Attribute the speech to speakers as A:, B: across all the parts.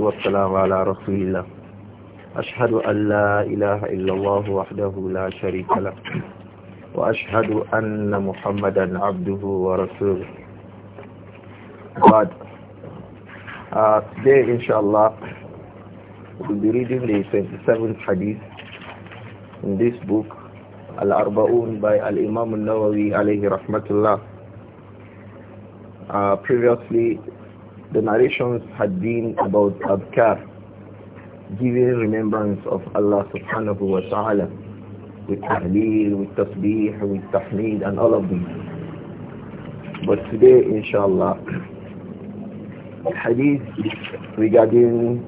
A: والسلام على رسول الله أشهد أن لا إله إلا الله وحده لا شريك له وأشهد أن محمدا عبده ورسوله بعد uh, today inshallah we'll be reading the 27th hadith in this book Al-Arba'un by Al-Imam Al-Nawawi alayhi rahmatullah uh, previously the narrations had been about abkar, giving remembrance of Allah subhanahu wa ta'ala with tahleel, with tasbih, with tahmeed and all of these. But today, inshallah, hadith regarding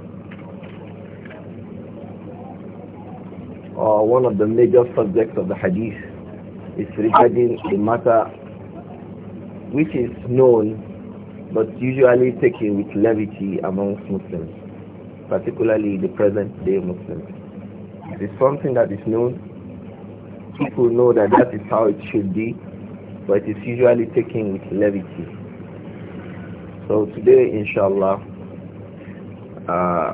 A: uh, one of the major subjects of the hadith is regarding the matter which is known but usually taken with levity amongst Muslims, particularly the present-day Muslims. It is something that is known. People know that that is how it should be, but it is usually taken with levity. So today, inshallah, uh,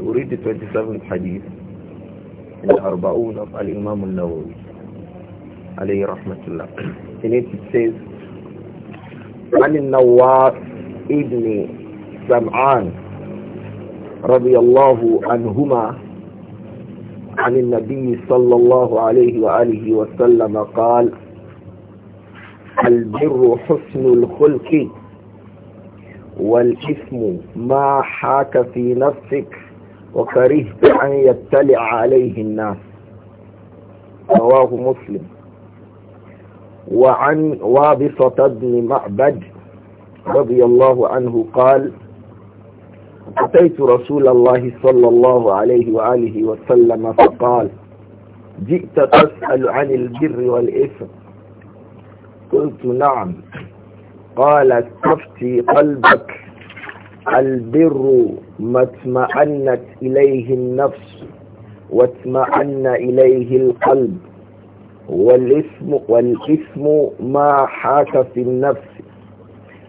A: we read the 27th hadith in the Arba'un of Al-Imam al-Nawawi, alayhi rahmatullah. In it it says, عن النواس ابن سمعان رضي الله عنهما عن النبي صلى الله عليه وآله وسلم قال البر حسن الخلق والإثم ما حاك في نفسك وكرهت أن يطلع عليه الناس رواه مسلم وعن وابصة بن معبد رضي الله عنه قال أتيت رسول الله صلى الله عليه وآله وسلم فقال جئت تسأل عن البر والإثم قلت نعم قال استفتي قلبك البر ما اطمأنت إليه النفس واطمأن إليه القلب والاسم والاسم ما حاك في النفس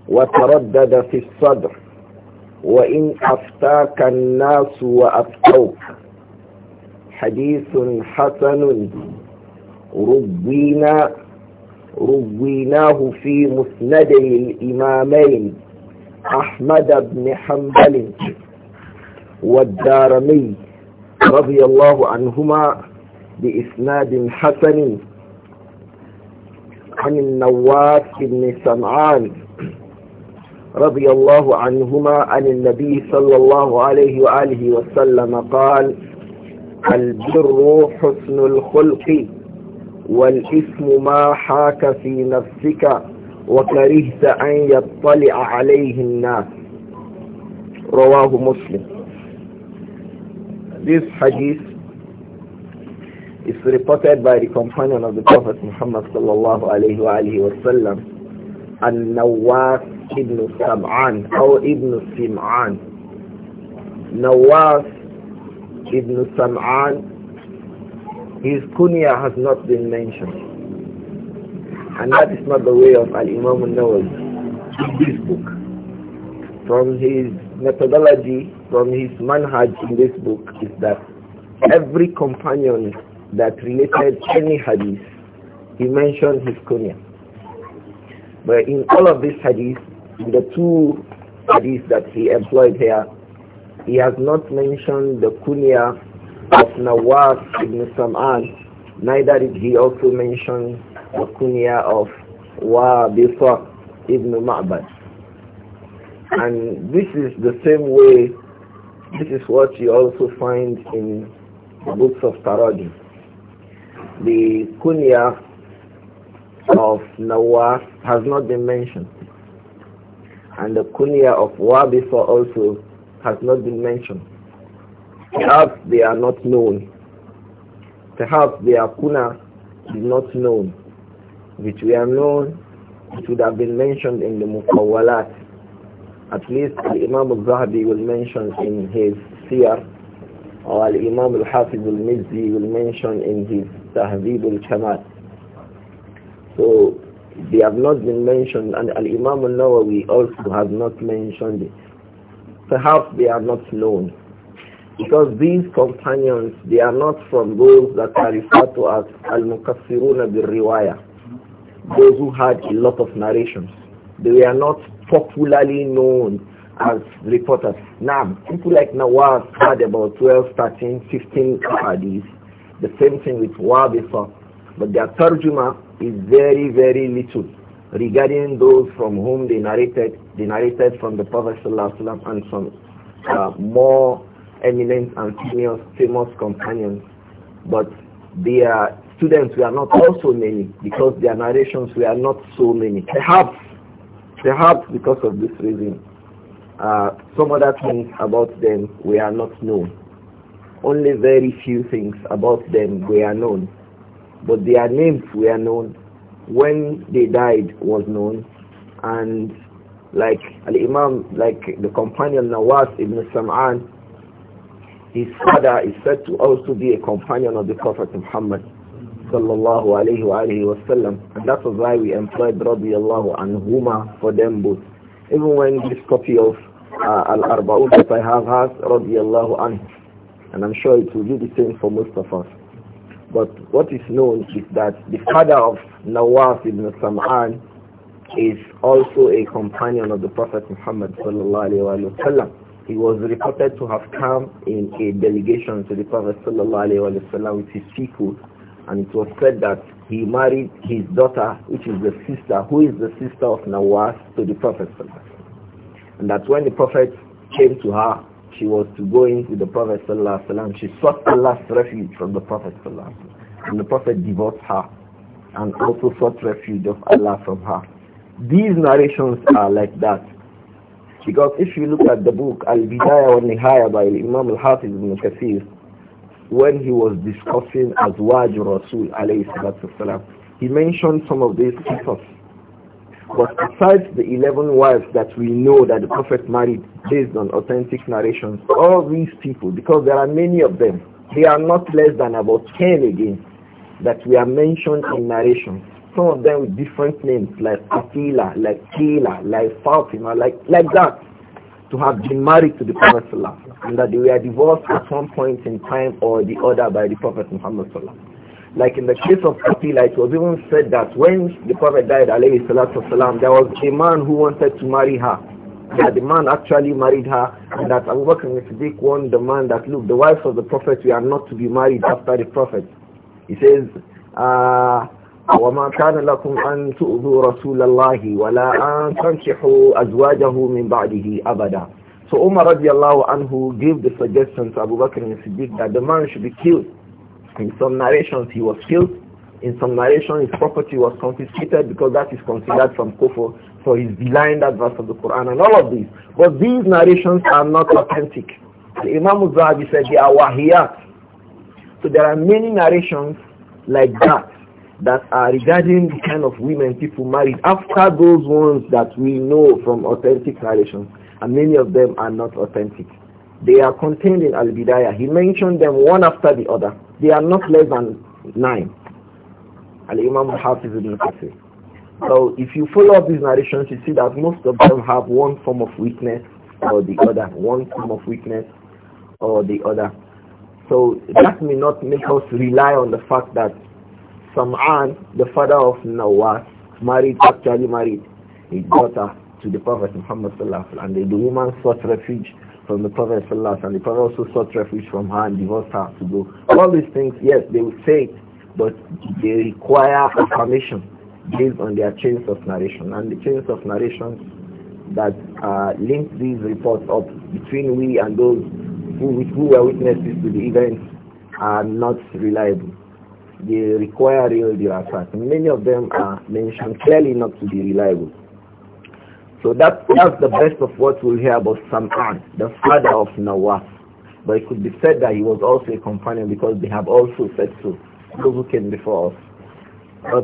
A: وتردد في الصدر وإن أفتاك الناس وأفتوك حديث حسن روينا رويناه في مسندي الإمامين أحمد بن حنبل والدارمي رضي الله عنهما بإسناد حسن عن النواس بن سمعان رضي الله عنهما عن النبي صلى الله عليه وآله وسلم قال البر حسن الخلق والإثم ما حاك في نفسك وكرهت أن يطلع عليه الناس رواه مسلم This hadith It's reported by the companion of the Prophet Muhammad sallallahu alayhi wa alihi wa sallam An-Nawas ibn Sam'an or ibn Sim'an Nawas ibn Sam'an his kunya has not been mentioned and that is not the way of Al-Imam al in this book from his methodology from his manhaj in this book is that every companion that related any hadith, he mentioned his kunya. But in all of these hadith, the two hadith that he employed here, he has not mentioned the kunya of Nawas ibn Sam'an, neither did he also mention the kunya of Wabisa ibn Ma'bad. And this is the same way, this is what you also find in the books of Tarajim the kunya of Nawas has not been mentioned. And the kunya of Wabisa also has not been mentioned. Perhaps they are not known. Perhaps their kuna is not known, which we are known, it would have been mentioned in the Muqawwalat. At least Imam al-Zahabi will mention in his seer, or Imam al-Hafiz al-Mizzi will mention in his Tahzib al So they have not been mentioned and Al-Imam al-Nawawi also has not mentioned it. Perhaps they are not known. Because these companions, they are not from those that are referred to as Al-Mukassiruna bil-Riwayah. Those who had a lot of narrations. They are not popularly known as reporters. Now, people like Nawaz had about 12, 13, 15 hadiths the same thing with Wabisa. But their tarjuma is very, very little regarding those from whom they narrated, they narrated from the Prophet ﷺ and from uh, more eminent and famous, famous companions. But their students were not also many because their narrations were not so many. Perhaps, perhaps because of this reason, uh, some other things about them we are not known. Only very few things about them were known. But their names were known. When they died was known. And like Al-Imam, like the companion Nawas ibn Sam'an, his father is said to also be a companion of the Prophet Muhammad sallallahu alayhi wa alayhi wa sallam. And that was why we employed radiallahu anhuma for them both. Even when this copy of uh, Al-Arba'ud that I have has radiallahu anhu. And I'm sure it will be the same for most of us. But what is known is that the father of Nawaf ibn Sam'an is also a companion of the Prophet Muhammad sallallahu He was reported to have come in a delegation to the Prophet sallallahu with his people, and it was said that he married his daughter, which is the sister, who is the sister of Nawaf, to the Prophet and that when the Prophet came to her, she was to go in with the Prophet ﷺ. She sought Allah's refuge from the Prophet ﷺ. And the Prophet divorced her and also sought refuge of Allah from her. These narrations are like that. Because if you look at the book Al-Bidayah wa Nihaya by Imam Al-Hafiz ibn Kathir, when he was discussing Azwaj Rasul alayhi salatu he mentioned some of these people. But besides the 11 wives that we know that the Prophet married based on authentic narrations, all these people, because there are many of them, they are not less than about 10 again that we are mentioned in narration. Some of them with different names like Atila, like Kila, like Fatima, like, like that, to have been married to the Prophet and that they were divorced at some point in time or the other by the Prophet Muhammad like in the case of Kapila, it was even said that when the Prophet died, alayhi salatu there was a man who wanted to marry her. That the man actually married her, and that Abu Bakr al-Siddiq warned the man that, look, the wife of the Prophet, we are not to be married after the Prophet. He says, وما كان لكم أن تؤذوا رسول الله ولا أن تنكحوا أزواجه من بعده أبدا So Umar radiallahu anhu gave the suggestion to Abu Bakr and Siddiq that the man should be killed in some narrations, he was killed. In some narrations, his property was confiscated because that is considered from kufr. So he's denying that verse of the Quran and all of these. But these narrations are not authentic. The Imam Zahabi said they are wahiyat. So there are many narrations like that that are regarding the kind of women people married after those ones that we know from authentic narrations and many of them are not authentic. They are contained in Al-Bidayah. He mentioned them one after the other. They are not less than nine. Al-Imam Hafiz ibn Kathir. So if you follow up these narrations, you see that most of them have one form of weakness or the other, one form of weakness or the other. So that may not make us rely on the fact that Sam'an, the father of Nawas, married, actually married his daughter to the Prophet Muhammad and the woman sought refuge from the Prophet and the Prophet also sought refuge from her and divorced her to go. All these things, yes, they will say it, but they require affirmation based on their chains of narration. And the chains of narration that uh, link these reports up between we and those who, who were witnesses to the events are not reliable. They require real dirasat. Many of them are mentioned clearly not to be reliable. So that, that's the best of what we'll hear about Sam'an, the father of Nawas. But it could be said that he was also a companion because they have also said so. Those who came before us. So that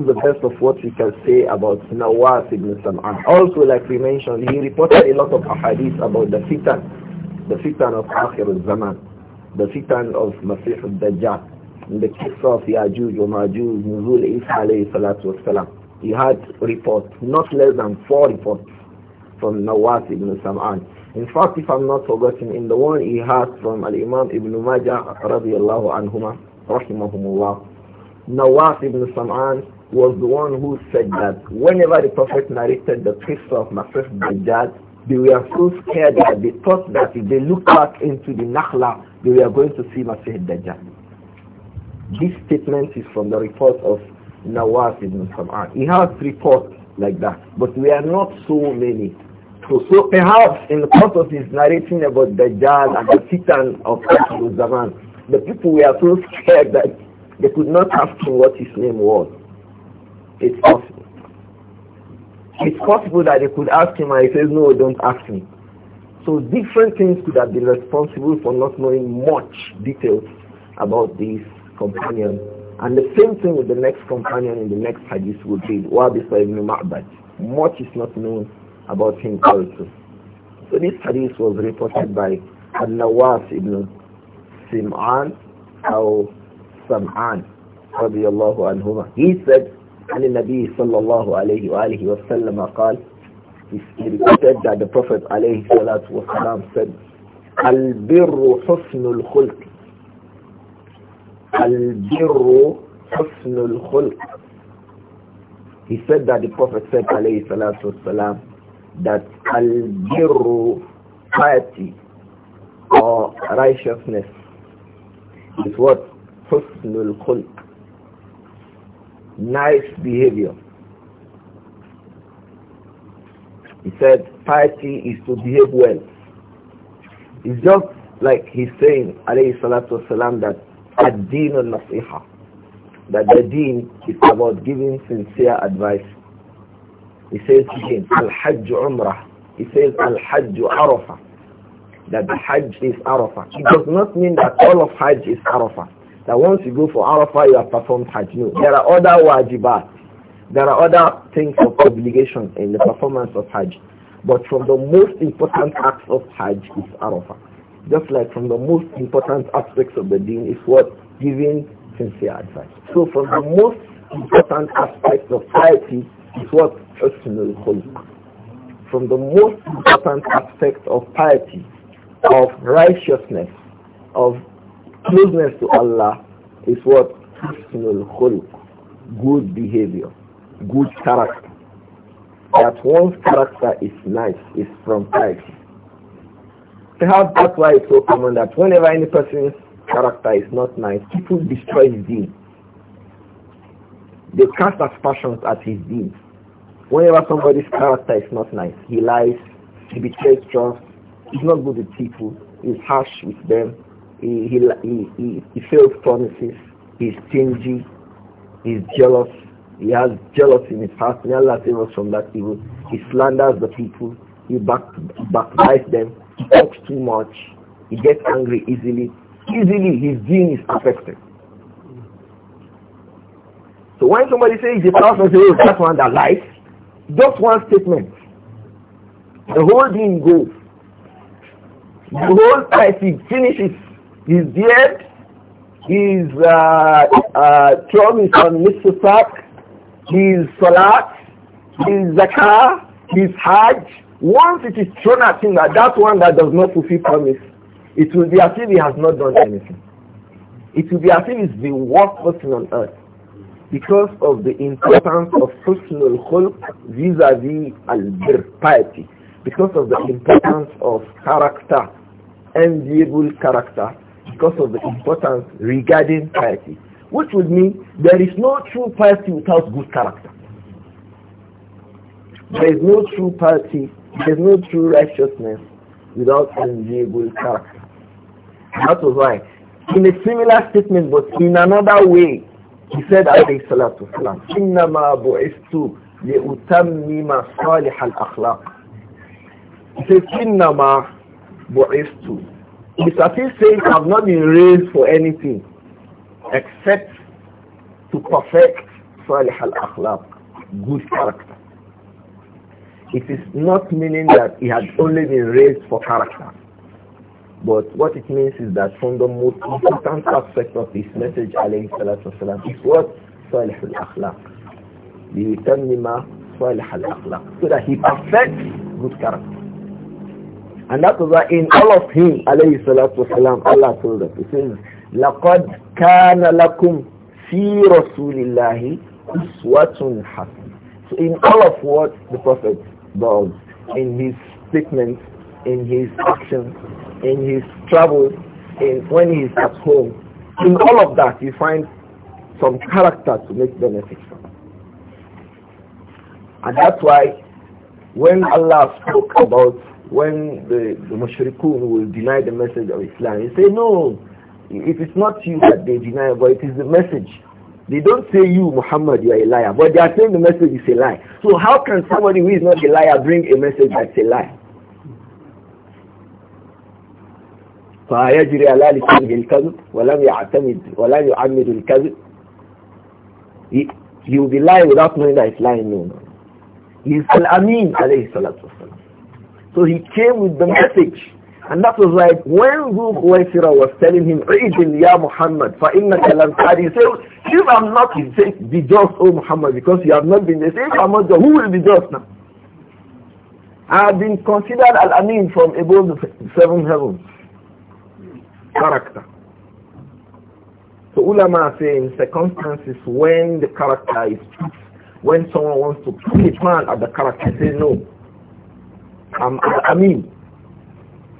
A: is the best of what we can say about Nawas ibn Sam'an. Also, like we mentioned, he reported a lot of ahadith about the fitan, the fitan of Akhir al-Zaman, the fitan of Masih al-Dajjal, in the case of Ya'juj wa Ma'juj, Nuzul Isa alayhi salatu wa salam he had reports, not less than four reports from Nawas ibn Sam'an. In fact, if I'm not forgetting, in the one he has from Al-Imam ibn Majah radiallahu anhuma, rahimahumullah, Nawas ibn Sam'an was the one who said that whenever the Prophet narrated the proofs of Masih Dajjal, they were so scared that they thought that if they looked back into the Nakhla, they were going to see Masih Dajjal. This statement is from the report of Nawas ibn Sam'an. He has reports like that, but we are not so many. So, so perhaps in the course of his narrating about Dajjal and the titan of Zaman, the people were so scared that they could not ask him what his name was. It's possible. It's possible that they could ask him and he says, no, don't ask me. So different things could have been responsible for not knowing much details about these companions and the same thing with the next companion in the next hadith would be Wabisa ibn Ma'bad. Much is not known about him also. So this hadith was reported by Al-Nawas ibn Sim'an or Sam'an radiallahu anhuma. He said, عن النبي صلى الله عليه وآله وسلم قال He reported that the Prophet عليه الصلاة والسلام said, البر حسن الخلق Al-Birru Husnul Khulq. He said that the Prophet said, alayhi salatu salam," that Al-Birru piety or righteousness is what? Husnul Khulq. Nice behavior. He said, piety is to behave well. It's just like he's saying, alayhi salatu salam," that ad-deen al-nasiha. That the deen is about giving sincere advice. He says al-hajj umrah. He says al-hajj arafah. That the hajj is arafah. It does not mean that all of hajj is arafah. That once you go for arafah, you have performed hajj. No, there are other wajibat. There are other things of obligation in the performance of hajj. But from the most important acts of hajj is arafah. Just like from the most important aspects of the deen is what? Giving sincere advice. So from the most important aspects of piety is what? personal khuluq. From the most important aspect of piety, of righteousness, of closeness to Allah is what? personal khuluq. Good behavior, good character. That one's character is nice is from piety. Perhaps that's why it's so common that whenever any person's character is not nice, people destroy his deed. They cast aspersions at his deeds. Whenever somebody's character is not nice, he lies, he betrays trust, he's not good with people, he's harsh with them, he, he, he, he, he fails promises, he's stingy, he's jealous, he has jealousy in his heart. May Allah from that evil. He slanders the people, he back, backbites them, he talks too much, he gets angry easily. Easily his gene is affected. So when somebody says the a person, say, oh, that one that lies, just one statement. The whole thing goes. The whole type, he finishes his beard, his uh, uh, is on Mr. Sack, his salat, his zakah, his hajj, once it is thrown at him that that one that does not fulfill promise, it will be as if he has not done anything. It will be as if he's the worst person on earth because of the importance of personal khulq vis-a-vis piety. Because of the importance of character, enviable character, because of the importance regarding piety. Which would mean there is no true piety without good character. There is no true piety there is no true righteousness without enviable character. That was why. In a similar statement, but in another way, he said, alayhi salatu wasalam, إِنَّمَا بُعِثْتُ لِأُتَمِّمَ صَالِحَ الْأَخْلَاقِ He says, إِنَّمَا بُعِثْتُ It's as if saying, I have not been raised for anything except to perfect صالح الأخلاق good character it is not meaning that he had only been raised for character. But what it means is that from the most important aspect of this message, alayhi salatu wasalam, is what? Salih al-akhlaq. لِيُتَمِّمَ صَالِحَ الْأَخْلَاقِ So that he perfects good character. And that was why in all of him, alayhi salatu wasalam, Allah told us, he says, لَقَدْ كَانَ لَكُمْ فِي رَسُولِ اللَّهِ أُسْوَةٌ حَسَنَةٌ So in all of what the Prophet does in his statements, in his actions, in his travels, in when he is at home. In all of that, you find some character to make benefit from. And that's why when Allah spoke about when the, the mushrikun will deny the message of Islam, he said, no, it is not you that they deny, but it is the message they don't say you, Muhammad, you are a liar, but they are saying the message is a lie. So how can somebody who is not a liar bring a message that's a lie? على الكذب ولم يعتمد ولم يعمد الكذب he will be lying without knowing that he's lying no no al-amin alayhi salatu wasalam so he came with the message and that was like when Ruh Waisira was telling him, Ijil Ya Muhammad, فَإِنَّكَ لَمْ He said, if I'm not be just, O Muhammad, because you have not been the same, I'm not who will be just now? I have been considered Al-Amin from above the seven heavens. Character. So ulama say in circumstances when the character is when someone wants to put a man at the character, say no. I'm Al-Amin.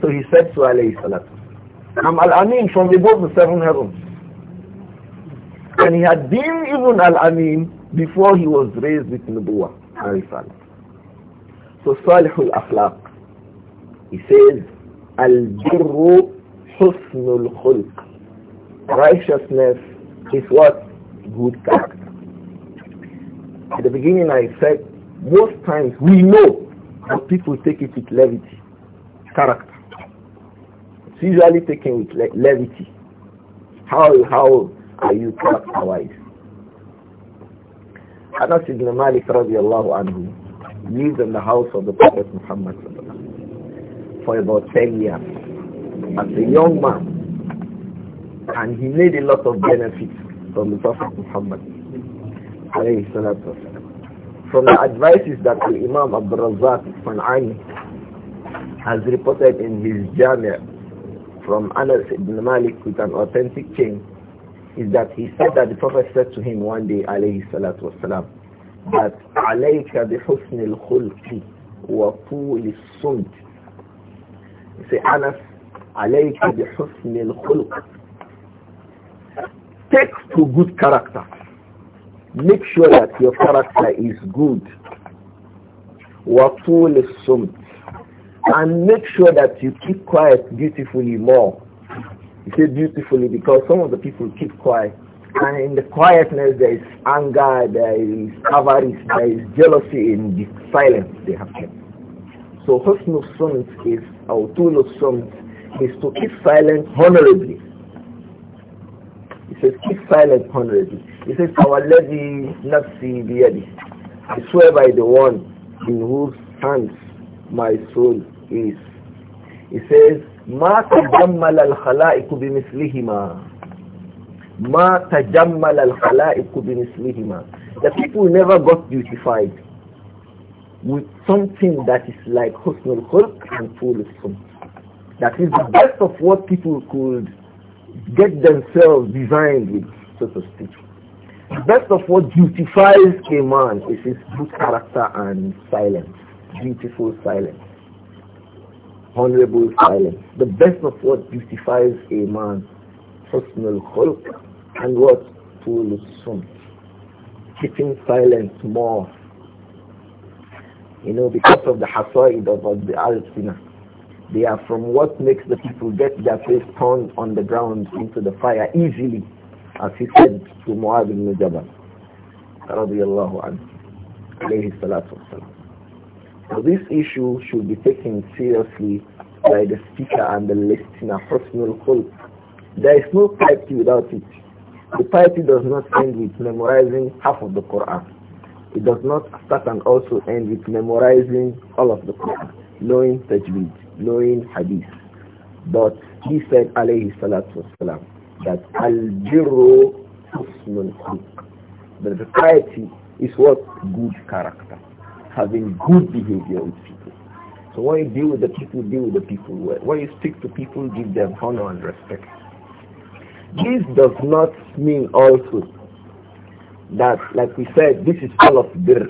A: So he said to alayhi salatu, I'm Al-Amin from above the seven heavens. And he had been even Al-Amin before he was raised with Nubuwa, alayhi salatu. So Salihul Akhlaq, he says, Al-Birru Husnul Khulq. Righteousness is what? Good character. At the beginning I said, most times we know that people take it with levity, character. It's usually taken with le levity. How how are you characterized? Anas ibn Malik radiallahu anhu lived in the house of the Prophet Muhammad for about 10 years as a young man and he made a lot of benefits from the Prophet Muhammad from the advices that the Imam Abdul Razak Fan'ani has reported in his Jamia from Anas ibn Malik with an authentic chain is that he said that the Prophet said to him one day, alayhi salatu wasalam, that alayka bi husn al-khulqi wa tul sumt He said, Anas, alayka bi husn al-khulq. Take to good character. Make sure that your character is good. Wa tul sumt and make sure that you keep quiet beautifully more. You say beautifully because some of the people keep quiet. And in the quietness, there is anger, there is avarice, there is jealousy in the silence they have kept. So of sunnah is, our tool of sunnah is to keep silent honorably. He says, keep silent honorably. He says, our lady nafsi biyadi. I swear by the one in whose hands my soul is he says "Ma ما تجمل الخلائق بمثلهما ما تجمل الخلائق بمثلهما the people never got beautified with something that is like husnul khulq and full that is the best of what people could get themselves designed with so to speak the best of what beautifies a man is his good character and silence beautiful silence honorable silence. The best of what beautifies a man, personal khulq, and what tulus sun. Keeping silence more. You know, because of the hasaid of, the al sina they are from what makes the people get their face turned on the ground into the fire easily, as he said to Muad ibn Jabal, radiallahu anhu, alayhi salatu wasalam. So this issue should be taken seriously by the speaker and the listener, personal hope. There is no piety without it. The piety does not end with memorizing half of the Quran. It does not start and also end with memorizing all of the Quran, knowing tajweed, knowing hadith. But he said, alayhi salatu wasalam, that al-jirru husnul The piety is what? Good character having good behavior with people. So when you deal with the people, deal with the people well. When you speak to people, give them honor and respect. This does not mean also that, like we said, this is all of birr.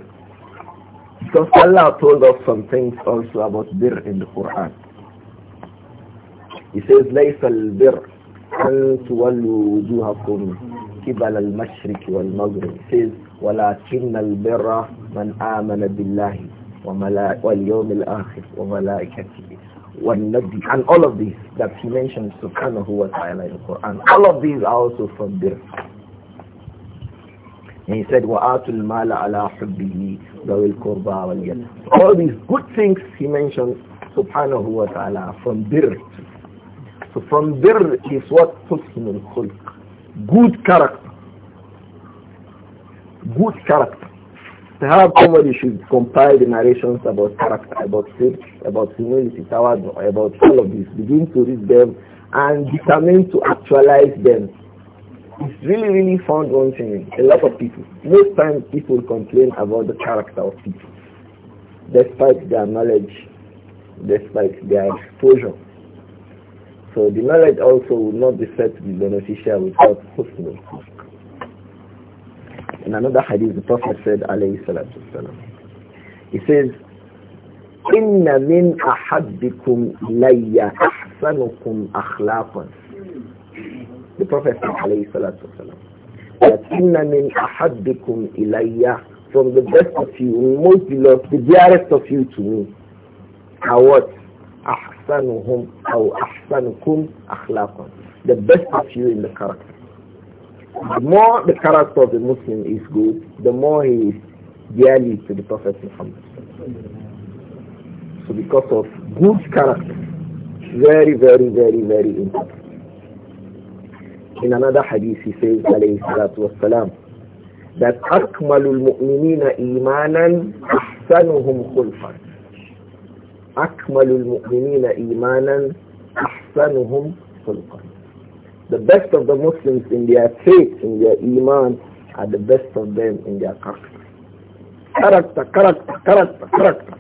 A: Because Allah told us some things also about birr in the Quran. He says, ليس البر أن تولوا وجوهكم قبل المشرق والمغرب. He says, ولكن البر من آمن بالله واليوم الآخر وملائكته والنبي and all of these that he mentions subhanahu wa ta'ala in the Quran all of these are also from bir. and he said وَآتُ الْمَالَ عَلَى حُبِّهِ ذَوِ الْقُرْبَى وَالْيَتَامَى all these good things he mentions subhanahu wa ta'ala from bir. so from bir is what puts him khulq good character good character. Perhaps somebody should compile the narrations about character, about faith, about humility, about all of this. Begin to read them and determine to actualize them. It's really, really found one thing. A lot of people. Most times people complain about the character of people, despite their knowledge, despite their exposure. So the knowledge also will not be said to be beneficial without personal. In another hadith, the Prophet said, alayhi salatu wasalam, he says, "Inna min أَحَبِّكُمْ لَيَّ ahsanukum أَخْلَاقًا The Prophet said, alayhi salatu wasalam, that inna min أَحَبِّكُمْ ilayya From the best of you, most beloved, the dearest of you to me, are what? I أَوْ ahsanukum أَخْلَاقًا The best of you in the character. The more the character of the Muslim is good, the more he is dearly to the Prophet Muhammad. So because of good character, very, very, very, very important. In another hadith he says, alayhi salatu wasalam, that أَكْمَلُ mu'minina imanan ahsanuhum khulfan. أَكْمَلُ mu'minina imanan ahsanuhum khulfan. The best of the Muslims in their faith, in their iman, are the best of them in their character. Character, character, character, character.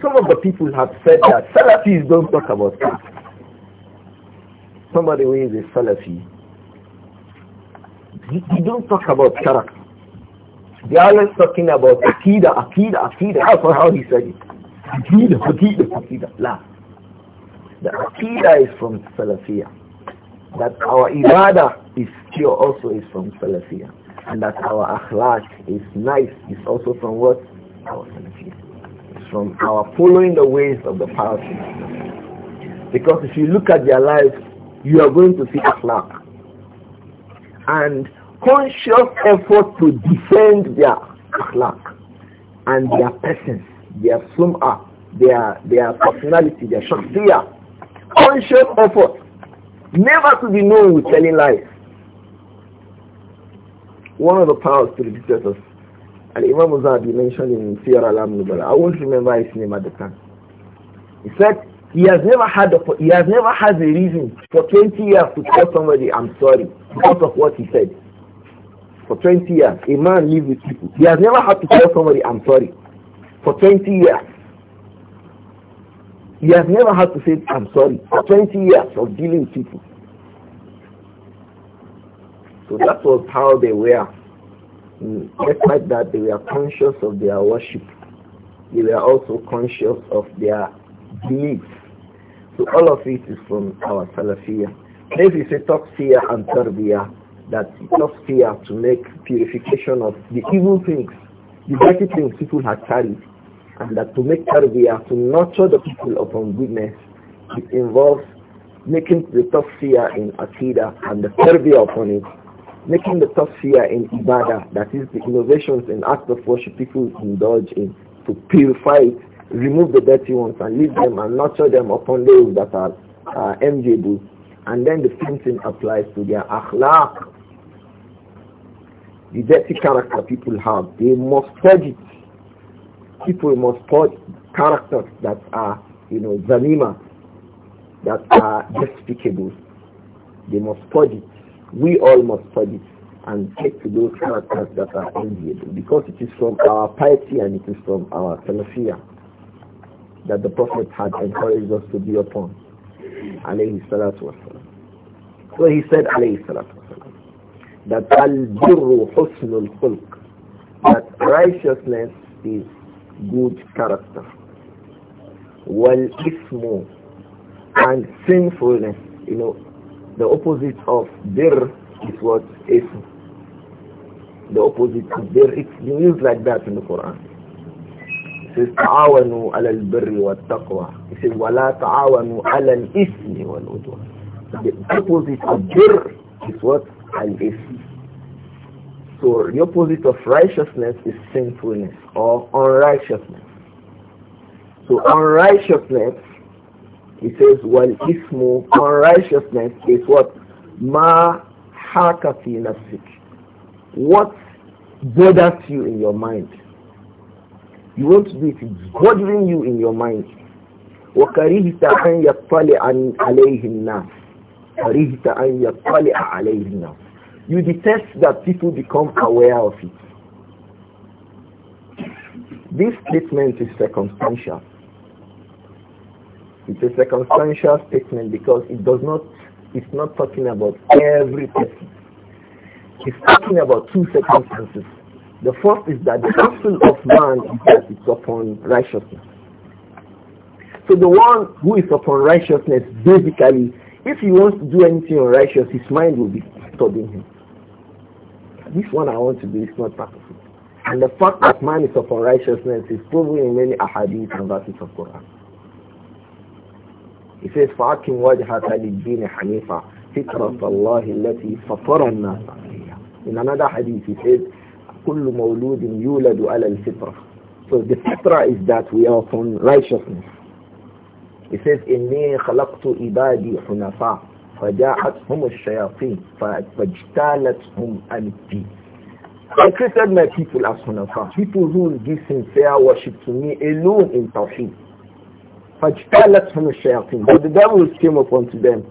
A: Some of the people have said that Salafis don't talk about character. Somebody who is a Salafi, he don't talk about character. They are always talking about Akida, Akida, Akida. for how he said it. Akida, Akida, Akida. La. The Akida is from Salafiyah that our ibadah is pure also is from Salafiyah. And that our akhlaq is nice is also from what? Our Salafiyah. It's from our following the ways of the pious. Because if you look at their lives, you are going to see akhlaq. And conscious effort to defend their akhlaq and their persons, their sum'ah, their, their personality, their shakhsiyah. Conscious effort Never to be known with telling lies. One of the powers to the dictators, and Imam Muzadi mentioned in Sir Alam Nubala, I won't remember his name at the time. He said, he has never had a, he has never had a reason for 20 years to tell somebody I'm sorry because of what he said. For 20 years, a man lives with people. He has never had to tell somebody I'm sorry for 20 years. He has never had to say, I'm sorry, for 20 years of dealing with people. So that was how they were. Mm, despite that, they were conscious of their worship. They were also conscious of their beliefs. So all of it is from our salafia This is a taqsiyah and tarbiyah. That taqsiyah to make purification of the evil things, the dirty things people had carried and that to make tarbiyah, to nurture the people upon goodness, it involves making the tafsir in atida and the tarbiyah upon it, making the tafsir in ibadah, that is the innovations and acts of worship people indulge in, to purify it, remove the dirty ones and leave them and nurture them upon those that are uh, enviable. And then the same thing applies to their akhlaq. The dirty character people have, they must purge it people must put characters that are, you know, zanima, that are despicable. They must study. We all must study and take to those characters that are enviable because it is from our piety and it is from our salafiyah that the Prophet had encouraged us to be upon. Alayhi salatu wasalam. So he said, alayhi salatu wasalam, that al-birru husnul khulq, that righteousness is good character. Well, ismu and sinfulness, you know, the opposite of dir is what ism. The opposite of dir, it's used like that in the Quran. It says, ala تعاونوا على البر taqwa It says, ولا تعاونوا على الإثم والعدوان. The opposite of dir is what? Al-Ism. So the opposite of righteousness is sinfulness or unrighteousness. So unrighteousness, he says, well, ismu, unrighteousness is what? Ma hakati nafsik. What bothers you in your mind? You want to do it, it's bothering you in your mind. وكرهت أن يطلع عليه الناس كرهت أن يطلع عليه الناس you detest that people become aware of it. This statement is circumstantial. It's a circumstantial statement because it does not, it's not talking about every person. It's talking about two circumstances. The first is that the counsel of man is that it's upon righteousness. So the one who is upon righteousness, basically, if he wants to do anything unrighteous, righteous, his mind will be disturbing him. This one I want to do is not part of it. And the fact that man is upon righteousness is proven in many ahadith and verses of Quran. He says, فَأَكِمْ وَجْهَكَ لِلدِّينِ حَنِيفًا فِطْرَةَ اللَّهِ الَّتِي فَطَرَ النَّاسَ عَلَيْهَا In another hadith he says, كُلُّ مَوْلُودٍ يُولَدُ عَلَى الْفِطْرَةِ So the fitra is that we are upon righteousness. He says, إِنِّي خَلَقْتُ إِبَادِي حُنَفَاءَ فَجَاءَتْهُمُ الشَّيَاطِينَ فَاجْتَالَتْهُمْ عَنِ الدِّينِ I created my people as hunafa, people who give sincere worship to me alone in Tawheed. فَاجْتَالَتْهُمُ الشَّيَاطِينَ But the devils came upon to them.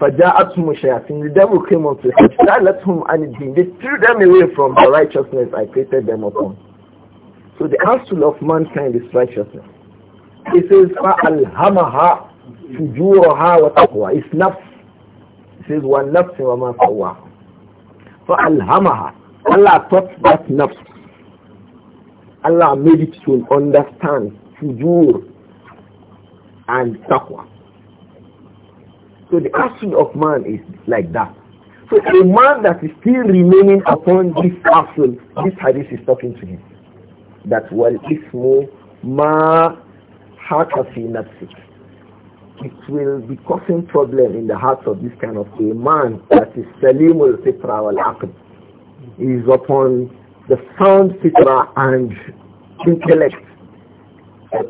A: فَجَاءَتْهُمُ الشَّيَاطِينَ The devil came upon to them. فَاجْتَالَتْهُمْ عَنِ الدِّينِ They threw them away from the righteousness I created them upon. So the counsel of mankind is righteousness. He says, فَأَلْهَمَهَا wa taqwa. It's nafs. It says, "One وَمَا قَوَّاهُ فَأَلْهَمَهَا Allah taught that nafs. Allah made it to understand fujur and taqwa. So the action of man is like that. So a man that is still remaining upon this action, this hadith is talking to him. That wal ismu ma haka fi nafsik it will be causing problem in the hearts of this kind of a man that is salimul fitra wal aqd is upon the sound fitra and intellect uh,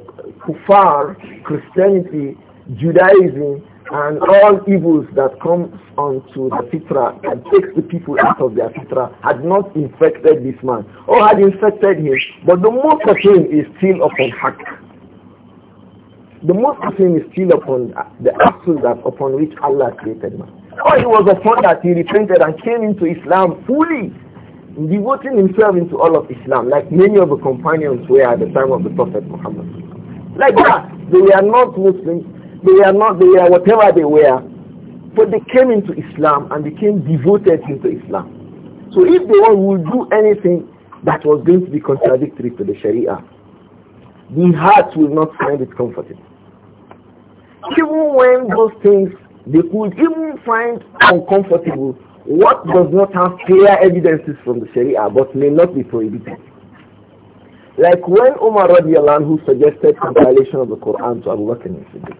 A: kufar christianity judaism and all evils that comes onto the fitra and takes the people out of their fitra had not infected this man or had infected him but the most of him is still upon haqq the Muslim is still upon the axis that upon which Allah created man. Or he was upon that he repented and came into Islam fully, devoting himself into all of Islam, like many of the companions were at the time of the Prophet Muhammad. Like that, they were not Muslims, they were not, they were whatever they were, but they came into Islam and became devoted into Islam. So if they would do anything that was going to be contradictory to the Sharia, the heart will not find it comfortable even when those things they could even find uncomfortable, what does not have clear evidences from the Sharia but may not be prohibited. Like when Umar radiallahu anhu suggested compilation of the Quran to Abu Bakr Siddiq.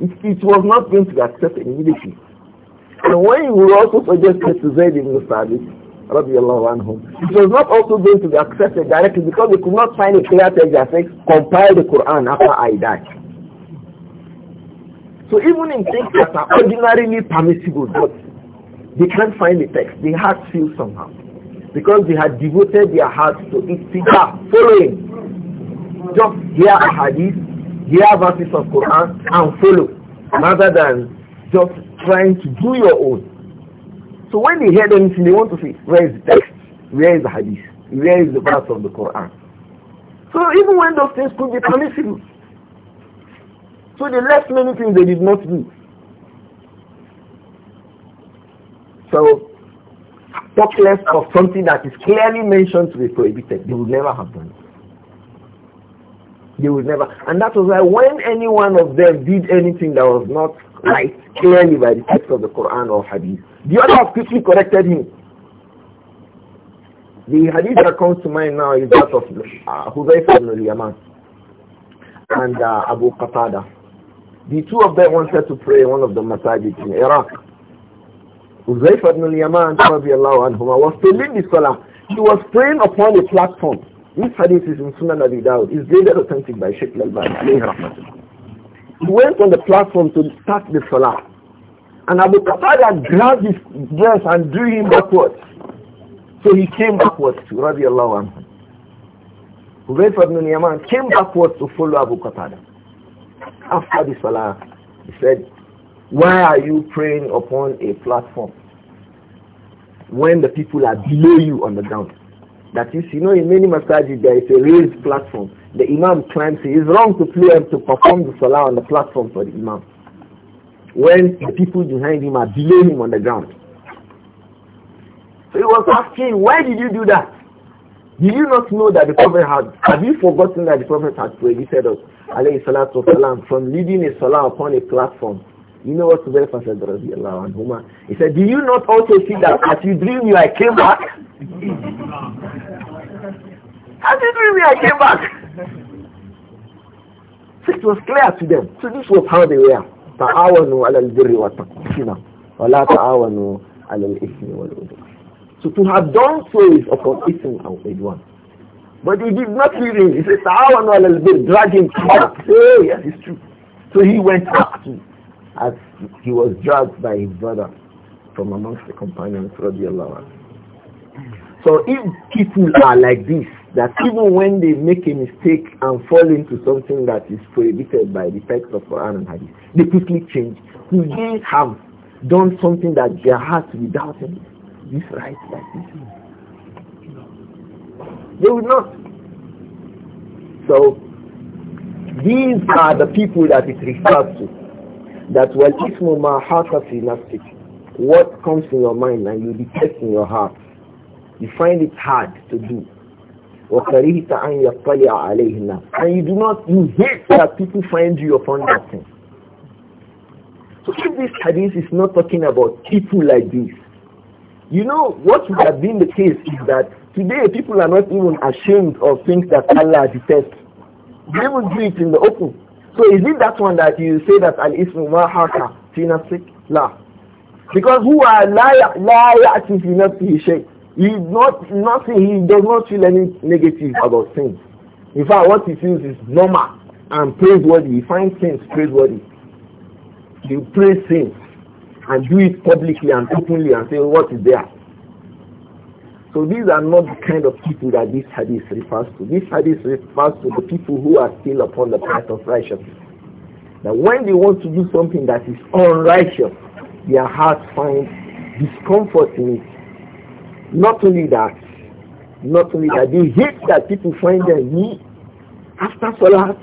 A: It, it was not going to be accepted immediately. And when he would also suggest it to Zayd ibn Sadiq, radiallahu anhu, it was not also going to be accepted directly because they could not find a clear text that says, compile the Quran after I die. So even in things that are ordinarily permissible, but they can't find the text. They had feels somehow. Because they had devoted their hearts to istiqa, ah, following. Just hear a hadith, hear verses of Quran, and follow, rather than just trying to do your own. So when they hear anything, they want to see, where is the text? Where is the hadith? Where is the verse of the Quran? So even when those things could be permissible, so they left many things they did not do. So talk less of something that is clearly mentioned to be prohibited. They would never have done it. They would never. And that was why when any one of them did anything that was not right, clearly by the text of the Quran or Hadith, the other quickly corrected him. The hadith that comes to mind now is that of uh, Hudayfa ibn al-Yaman and uh, Abu Qatada. The two of them wanted to pray one of the masajid in Iraq. Uzayf ibn al-Yaman was telling the scholar, he was praying upon a platform. This hadith is in Sunan Abi Dawud. It's dated authentic by Sheikh Al-Bani. He went on the platform to start the salah. And Abu Qatada grabbed his dress and drew him backwards. So he came backwards to radiallahu anhu. Uzayf ibn Yaman came backwards to follow Abu Qatada after the salah, he said, why are you praying upon a platform when the people are below you on the ground? That is, you know, in many masajid there is a raised platform. The imam climbs. It is wrong to play and to perform the salah on the platform for the imam when the people behind him are below him on the ground. So he was asking, why did you do that? Do you not know that the Prophet had, have you forgotten that the Prophet had prohibited us, alayhi salatu Salam, from leading a salah upon a platform? You know what Subayr said, radiallahu anhuma? He said, do you not also see that as you dream you, I came back?
B: as you dream you, I came back.
A: So it was clear to them. So this was how they were. تعاونوا على البر والتقوى ولا تعاونوا على الإثم والعدوان so to have done so is upon eating and Ridwan. But he did not leave him. He said, Ta'awan al albir, drag him out. Hey, yes, it's true. So he went out to, as he was dragged by his brother from amongst the companions, radiallahu So if people are like this, that even when they make a mistake and fall into something that is prohibited by the text of Quran and Hadith, they quickly change. Who they have done something that their hearts be doubting? this right like this. They would not. So these are the people that it refers to. That when ismu ma fi nafsik, what comes in your mind and you detect in your heart, you find it hard to do. and you do not you hate that people find you upon that thing so if this hadith is not talking about people like this you know, what would have been the case is that today people are not even ashamed of things that Allah detests. They will do it in the open. So is it that one that you say that al-ismu ma haka fi nafsik? La. Because who are liar, ya'ti fi nafsihi He not nothing, he does not feel any negative about things. In fact, what he feels is normal and praiseworthy. He finds things praiseworthy. He praise things and do it publicly and openly and say what is there. So these are not the kind of people that this hadith refers to. This hadith refers to the people who are still upon the path of righteousness. Now when they want to do something that is unrighteous, their heart finds discomfort in it. Not only that, not only that, they hate that people find their need after Salah,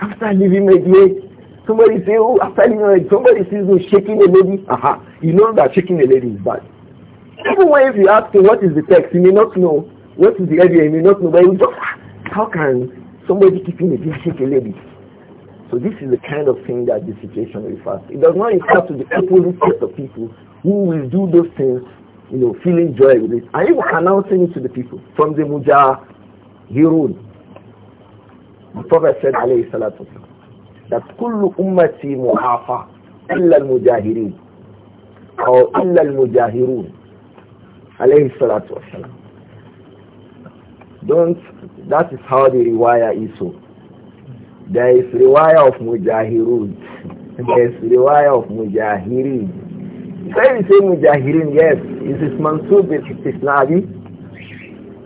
A: after leaving Mediate, Somebody say, oh, after you know, somebody sees me shaking a lady. Aha, you know that shaking a lady is bad. Even when if you ask him what is the text, he may not know. What is the idea, he may not know. But he just, ah, how can somebody keeping a dear shake a lady? So this is the kind of thing that the situation refers to. It does not refer to the opposite set of people who will do those things, you know, feeling joy with it. And even announcing it to the people from the Mujahirun. The Prophet said, alayhi salatu that kullu ummati mu'afa illa al-mujahirin or illa al-mujahirun alayhi salatu wassalam don't that is how the riwaya is there is riwaya of mujahirun there is riwaya of mujahirin when you say mujahirin yes it is mansub it is nabi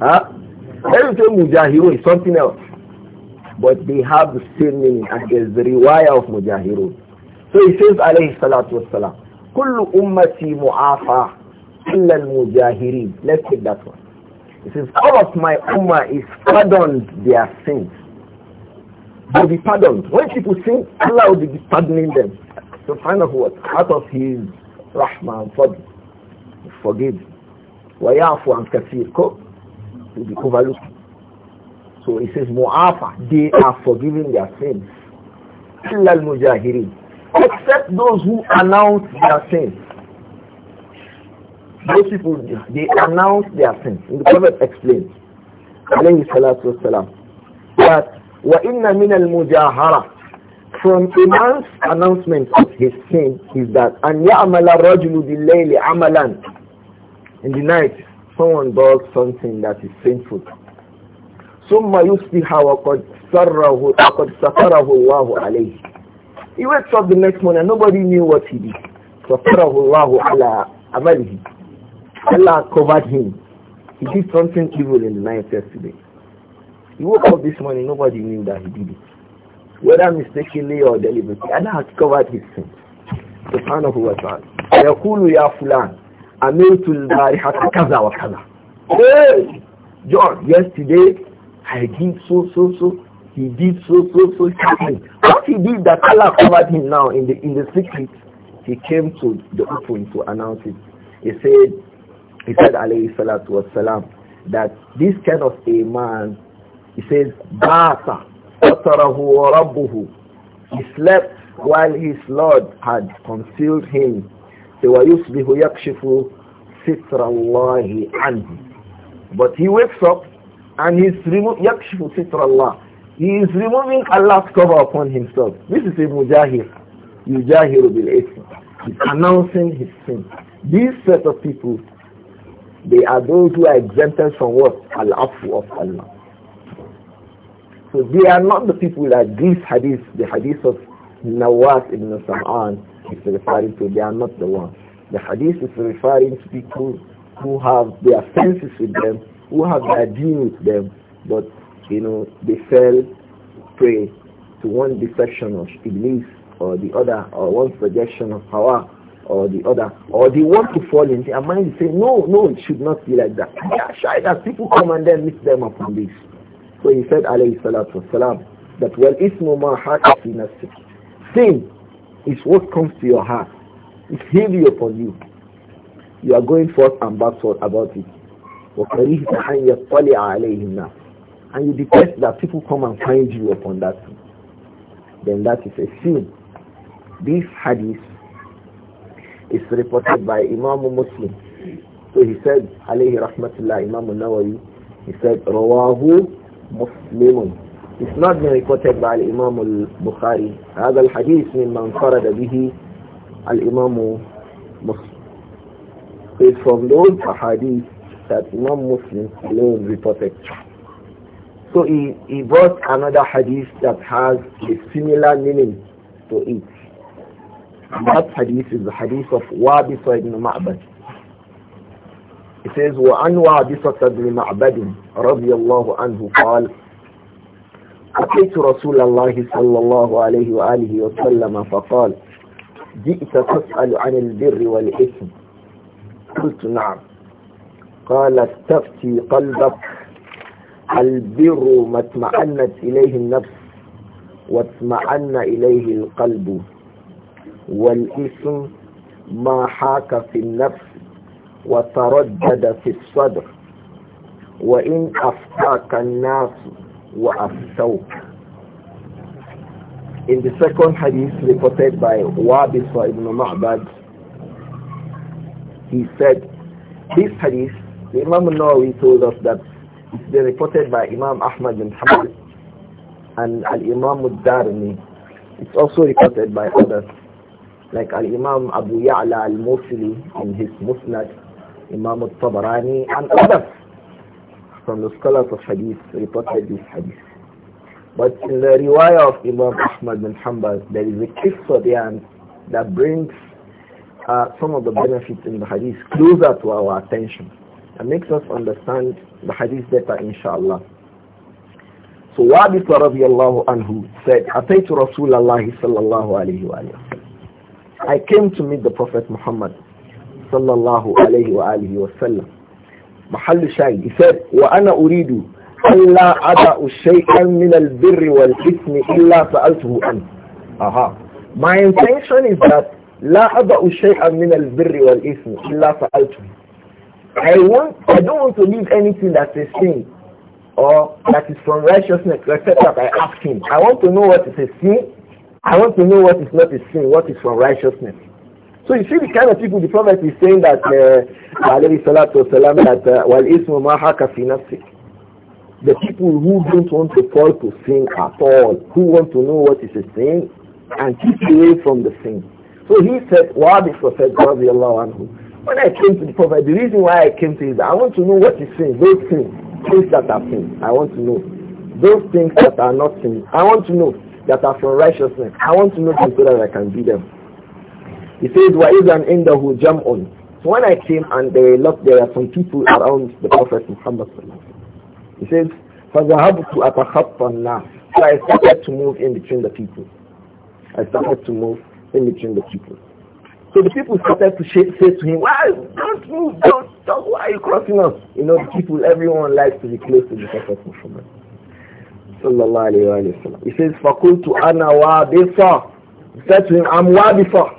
A: huh when you say is something else but they have the same meaning and there's the riwayah of mujahirun. So he says alayhi salatu wassalam, كل أمتي معافى إلا المجاهرين. Let's take that one. He says, all of my ummah is pardoned their sins. They'll be pardoned. When people sin, Allah will be pardoning them. find out what out of His rahmah and fadl. Forgive. وَيَعْفُ kafir ko, to be overlooked. So he says, Mu'afa, they are forgiving their sins. Illal mujahirin. Except those who announce their sins. Those people, they announce their sins. And the Prophet explains, alayhi salatu wasalam, that وَإِنَّ مِنَ الْمُجَاهَرَةِ From a man's announcement of his sin is that أَنْ يَعْمَلَ الرَّجُلُ بِاللَّيْلِ عَمَلًا In the night, someone does something that is sinful. ثم يصبح وقد سره وقد ستره الله عليه He wakes up the next morning nobody knew what he did. ستره الله على عمله Allah covered him. He did something evil in the night yesterday. He woke up this morning, nobody knew that he did it. Whether mistakenly or deliberately, Allah has covered his sin. sins. سبحانه وتعالى يقول يا فلان عملت البارحة كذا وكذا Hey, John, yesterday I did so, so, so. He did so, so, so. What he did that Allah covered him now in the in the secret, he came to the open to announce it. He said, he said, alayhi salatu wasalam, that this kind of a man, he says, Ba'asa, wa rabbuhu. He slept while his Lord had concealed him. وَيُصْبِهُ يَكْشِفُ ستر الله عنه but he wakes up and he's removing yakshifu sitra Allah. He is removing Allah's cover upon himself. This is a mujahir. Yujahiru bil ism. He's announcing his sin. These set of people, they are those who are exempted from what? Al-afu of Allah. So they are not the people that these hadith, the hadith of Nawas ibn Sam'an is referring to. They are not the ones. The hadith is referring to people who have their senses with them who have that deen with them, but you know they fell prey to one deception of Iblis or the other, or one projection of power or the other, or they want to fall into their mind say, no, no, it should not be like that. are shy that people come and then meet them upon this. So he said, alayhi salatu that well, ismu ma haqafi nafsik. Sin is what comes to your heart. It's heavy upon you. You are going forth and backward about it. وَكَرِهْتَ أَنْ يَطَّلِعَ عَلَيْهِمْ نَا And you detest that people come and find you upon that thing. Then that is a sin. This hadith is reported by Imam Muslim. So he said, alayhi rahmatullah, Imam Nawawi, he said, rawahu muslimun. It's not been reported by Imam bukhari هذا الحديث مما انفرد به الإمام مسلم. It's from those hadith that non-Muslims alone reported. So he, he brought another hadith that has a similar meaning to it. That hadith is the hadith of Wabisa ibn Ma'bad. It says, وَعَنْ وَعْبِسَةَ بْنِ مَعْبَدٍ رَضِيَ اللَّهُ عَنْهُ قَالَ أتيت رسول الله صلى الله عليه وآله وسلم فقال جئت تسأل عن البر والإثم قلت نعم قال تفتي قلبك البر ما اطمأنت إليه النفس واطمأن إليه القلب والإثم ما حاك في النفس وتردد في الصدر وإن أفتاك الناس وأفتوك In the second hadith reported by Wabisa ibn Ma'bad, he said, this hadith The Imam Nawawi told us that it's been reported by Imam Ahmad bin Hamad and Al-Imam ad It's also reported by others like Al-Imam Abu Ya'la Al-Musili in his Musnad, Imam Al-Tabarani and others from the scholars of Hadith reported this Hadith. But in the riwayah of Imam Ahmad bin Hanbal, there is a qissa there that brings uh, some of the benefits in the Hadith closer to our attention makes us understand the hadith better inshallah. So Wabita radiallahu anhu said, Ataytu Rasulallah sallallahu alayhi wa I came to meet the Prophet Muhammad sallallahu alayhi wa alihi wa sallam. Mahallu Shahid, he said, وَأَنَا أُرِيدُ أَلَّا أَدَعُ شَيْئًا مِنَ الْبِرِّ وَالْإِثْمِ إِلَّا سَأَلْتُهُ عَنْهُ Aha. My intention is that la لَا أَدَعُ شَيْئًا مِنَ الْبِرِّ وَالْإِثْمِ illa سَأَلْتُهُ I want I don't want to leave anything that is sin or that is from righteousness except that I ask him. I want to know what is a sin. I want to know what is not a sin, what is from righteousness. So you see the kind of people the Prophet is saying that uh, alayhi salatu salam that uh, wal ismu haka The people who don't want to fall to sin at all, who want to know what is a sin and keep away from the sin. So he said, why the Prophet radiallahu anhu, when I came to the Prophet, the reason why I came to him is I want to know what he's saying, those things, things that are seen, I want to know. Those things that are not seen, I want to know that are from righteousness. I want to know them so that I can do them. He says, Why is an end who jump on? So when I came and there were lot there are some people around the Prophet Muhammad. He says, to أَتَخَطَّ النَّاسِ So I started to move in between the people. I started to move in between the people. So the people started to say to him, why,
B: don't move, don't stop, why are you
A: crossing us? You know, the people, everyone likes to be close to the Prophet Muhammad. Sallallahu alayhi wa sallam. He says, فَقُلْتُ أَنَا وَابِفَ He said to him, I'm wabifa.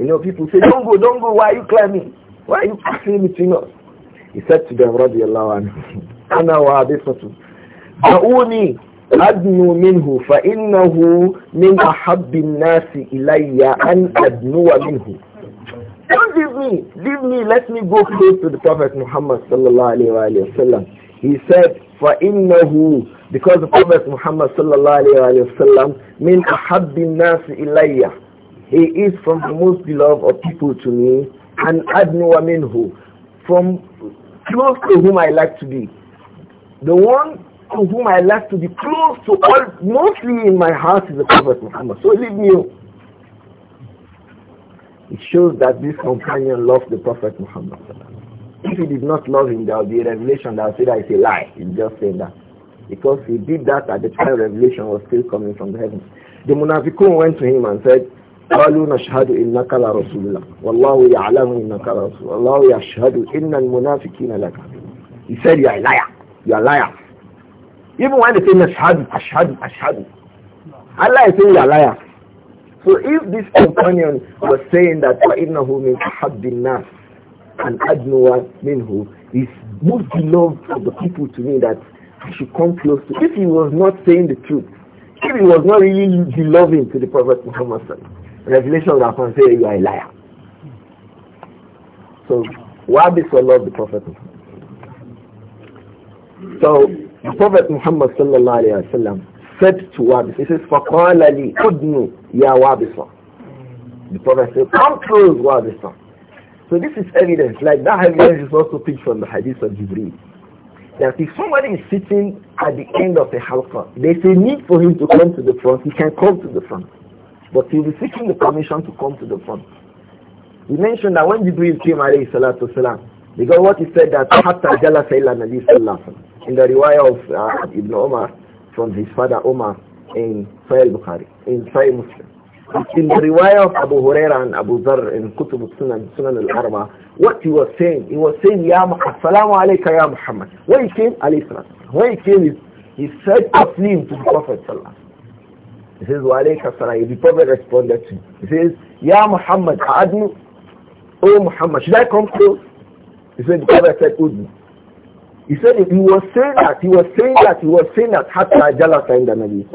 A: You know, people say, don't go, don't go, why are you climbing? Why are you crossing between us? He said to them, رضي الله عنه, أَنَا وَابِفَةٌ دَعُونِي أدنو منه فإنه من أحب الناس إلي أن أدنو منه Don't leave me, leave me, let me go close to the Prophet Muhammad sallallahu alayhi wa sallam. He said, fa فَإِنَّهُ Because the Prophet Muhammad sallallahu alayhi wa sallam مِنْ أَحَبِّ النَّاسِ إِلَيَّ He is from the most beloved of people to me and أَدْنُوَ مِنْهُ From close to whom I like to be. The one to whom I like to be close to all, mostly in my heart is the Prophet Muhammad. So leave me. It shows that this companion loved the Prophet Muhammad. If he did not love him, there will be a revelation that will say that it's a lie. He's just saying that. Because he did that at the time revelation was still coming from the heavens. The Munafiqun went to him and said, قالوا نشهد إنك لرسول الله والله يعلم إنك لرسول الله يشهد إن المنافقين لك He said, you are a liar. You are a liar. Even when they say ashadu, ashadu, ashadu, Allah is saying you are liar. So if this companion was saying that فَإِنَّهُ مِنْ been النَّاسِ and أَدْنُوَ مِنْهُ is most beloved of the people to me that I should come close to. If he was not saying the truth, if he was not really beloved to the Prophet Muhammad Revelation would have say you are a liar. So why be so love the Prophet Muhammad? So the Prophet Muhammad sallallahu alayhi wa sallam said to Wabisa, he says, فَقَالَ لِي أُدْنُ يَا The Prophet said, come close Wabisa. So this is evidence, like that evidence is also picked from the hadith of Jibreel. That if somebody is sitting at the end of the halqa, there's a need for him to come to the front, he can come to the front. But he'll be seeking the permission to come to the front. We mentioned that when Jibreel came alayhi salatu salam, because what he said that حَتَّى جَلَسَ إِلَّا نَبِي صَلَّى in the riwayah of uh, Ibn Omar from his father Omar in Sahih Bukhari, in Sahih Muslim. In the riwayah of Abu Huraira and Abu Dharr in Kutub Sunan al-Arba, what he was saying, he was saying, Ya Muhammad, Salamu alayka Ya Muhammad. When he came, alayhi salam. When he came, he, he said Taslim to the Prophet sallallahu He says, Wa alayka salam. The Prophet responded to him. He says, Ya Muhammad, Adnu, Oh Muhammad, should I come close? He said, the Prophet said, Udnu. He said he was saying that, he was saying that, he was saying that Hatta Jalasa in the Nabi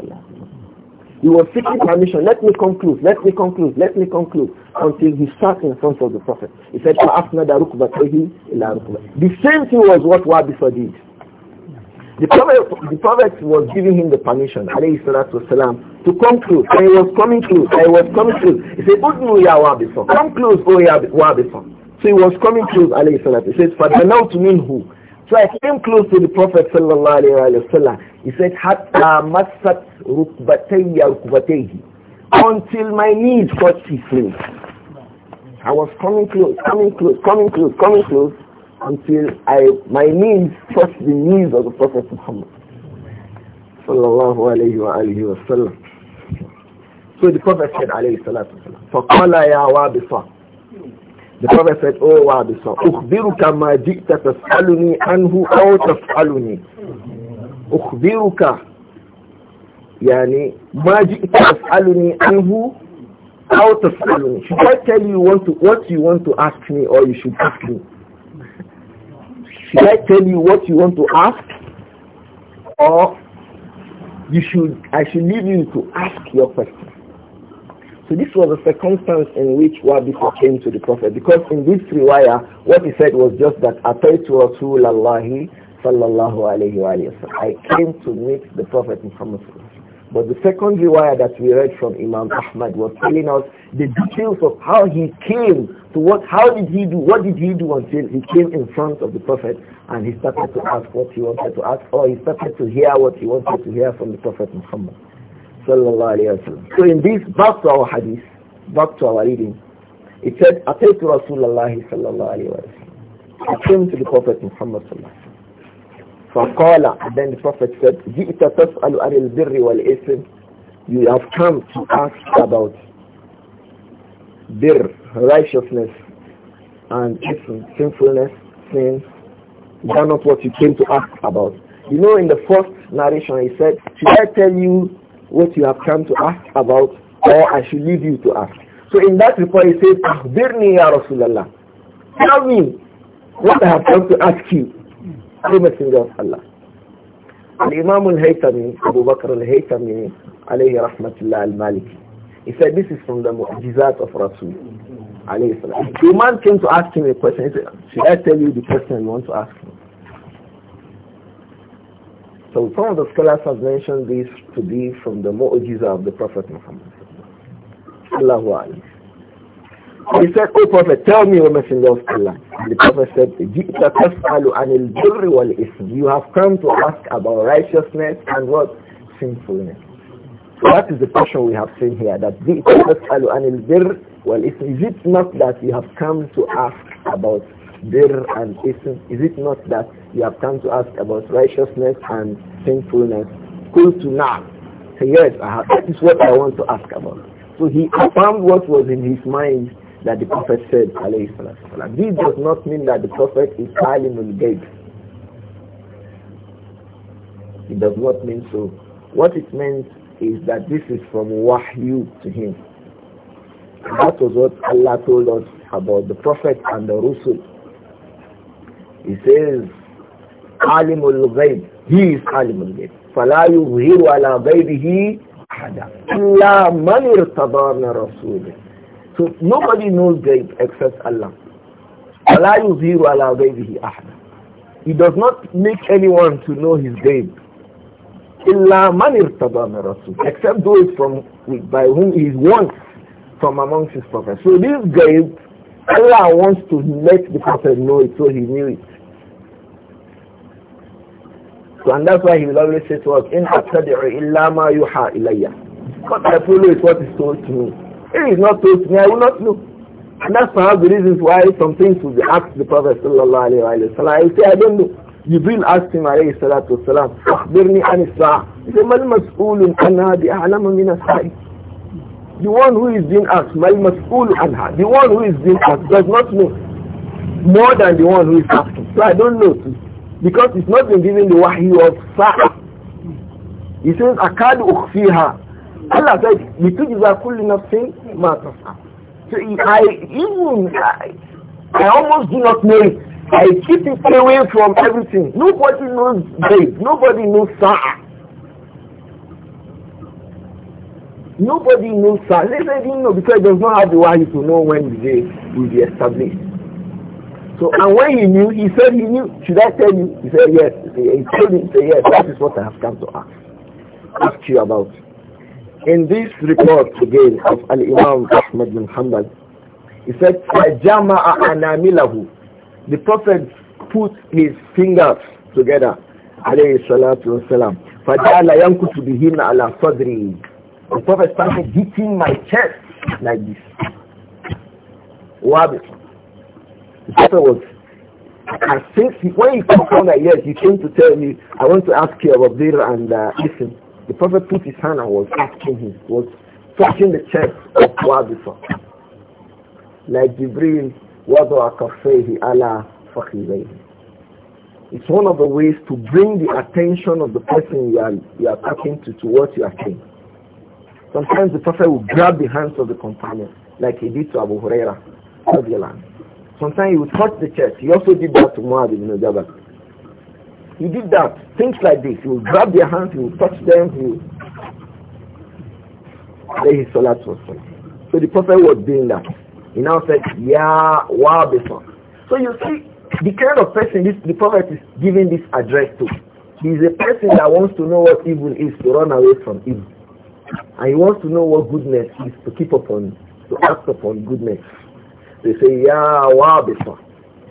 A: He was seeking permission, let me conclude, let me conclude, let me conclude, until he sat in front of the Prophet. He said, فَأَفْنَدَ رُكْبَتَهِ إِلَىٰ رُكْبَتَهِ The same thing was what Wabifa did. The Prophet, the Prophet was giving him the permission, alayhi salatu wasalam, to come close. And he was coming close, and he was coming close. He said, come close, O Wabifa. So he was coming close, alayhi salatu. He says, فَدَنَوْتُ مِنْهُ so I came close to the Prophet sallallahu alayhi wa He said, Hatta masat rukbatayya Until my knees touched his knees. I was coming close, coming close, coming close, coming close until I, my knees touched the knees of the Prophet Muhammad sallallahu alayhi wa alihi wa sallam. So the Prophet said alayhi salatu wa sallam, فَقَالَ يَا وَابِصَةً the Prophet said, Oh wa bisa, ukhbiruka ma jikta tas'aluni anhu aw tas'aluni. Ukhbiruka, yani, ma jikta tas'aluni anhu aw tas'aluni. Should I tell you want to, what you want to ask me or you should ask me? Should I tell you what you want to ask or you should, I should leave you to ask your question. So this was a circumstance in which Wabifa came to the Prophet because in this riwayah, what he said was just that Ataitu Rasulallahi sallallahu alayhi wa I came to meet the Prophet Muhammad but the second riwayah that we read from Imam Ahmad was telling us the details of how he came to what, how did he do, what did he do until he came in front of the Prophet and he started to ask what he wanted to ask or he started to hear what he wanted to hear from the Prophet Muhammad sallallahu alayhi wa So in this, back to our hadith, back to our reading, it said, Ataytu Rasulullah sallallahu alayhi wa sallam. I came to the Prophet Muhammad sallallahu alayhi wa sallam. and then the Prophet said, جِئْتَ تَسْأَلُ عَنِ الْبِرِّ وَالْإِثْمِ You have come to ask about their righteousness, and ism, sinfulness, sin. are not what you came to ask about. You know, in the first narration, he said, should I tell you what you have come to ask about or I should leave you to ask. So in that report he says, Akhbirni ya Rasulallah. Tell me
B: what I have come
A: to ask you. O Messenger of Allah. imam al-Haytami, Abu Bakr al-Haytami, alayhi rahmatullah al-Maliki. He said this is from the mu'jizat of Rasul. Alayhi salam. The man came to ask him a question. He said, should I tell you the question you want to ask me? So some of the scholars have mentioned this to be from the mu'jiza of the Prophet Muhammad. Allahu Akbar. He said, O Prophet, tell me, O Messenger of Allah. And the Prophet said, You have come to ask about righteousness and what? Sinfulness. So that is the question we have seen here, That Is it not that you have come to ask about bir and ism? Is it not that you have come to ask about righteousness and sinfulness. Qultu to So yes, have, that is what I want to ask about. So he affirmed what was in his mind that the Prophet said, This does not mean that the Prophet is the dead. It does not mean so. What it means is that this is from
B: wahyu
A: to him. that was what Allah told us about the Prophet and the Rusul. He says, alimul ghaib he is alimul ghaib فلا يظهر على غيبه أحدا إلا من ارتضى من رسوله So nobody knows ghaib except Allah. فلا يظهر على غيبه أحدا He does not make anyone to know his ghaib. إلا من ارتضى من رسوله Except those from by whom he wants from amongst his prophets. So this ghaib, Allah wants to let the prophet know it so he knew it. So and that's why he will always say to us, In Atadi'u illa ma yuha ilayya. What I follow is what is told to me. If it is not told to me, I will not know. And that's perhaps the reasons why some things will be asked the Prophet sallallahu alayhi wa sallam. He say, I don't know. You will asked him alayhi salatu wasalam, أخبرني عن الساعة. He said, ما المسؤول عنها بأعلم من السائل. The one who is being asked, ما المسؤول عنها. The one who is being asked does not know more than the one who is asking. So I don't know because it's not been given the wahi of Sa'a. He says, Akad her. Allah said, لِتُجْزَى كُلِّ نَفْسٍ مَا تَسْعَى So I even, I, I almost do not know it. I keep it away from everything. Nobody knows grave. Nobody knows Sa'a. Nobody knows Sa'a. They didn't know because it does not have the wahi to know when the day will be established. So, and when he knew, he said he knew. Should I tell you? He said yes. He told me, say said yes. That is what I have come to ask, ask you about. In this report again of Al-Imam Ahmad bin Hanbal, he said, "Jama'a The Prophet put his fingers together, alayhi salatu wasalam. فَجَعَلَ يَنْكُتُ بِهِنَّ عَلَى صَدْرِي The Prophet started hitting my chest like this. Wabi. The Prophet was, I since when he come down that yes, you came to tell me, I want to ask you about Dira and uh, listen. The Prophet put his hand and was asking him, was touching the chest of Wadifa. Like Jibreel, وَضَعَ كَفَّيْهِ عَلَى فَخِذَيْهِ It's one of the ways to bring the attention of the person you are, you are talking to to what you are saying. Sometimes the Prophet will grab the hands of the companion, like he did to Abu Huraira. Sometimes he would touch the church. He also did that to Muad ibn Jabal. He did that. Things like this. He would grab their hands, he would touch them, he would... Then his salat was fine. So the Prophet was doing that. He now said, Ya Wabisa. So you see, the kind of person this, the Prophet is giving this address to, he is a person that wants to know what evil is to run away from evil. And he wants to know what goodness is to keep upon, to act upon goodness. They say, Ya Wabisa.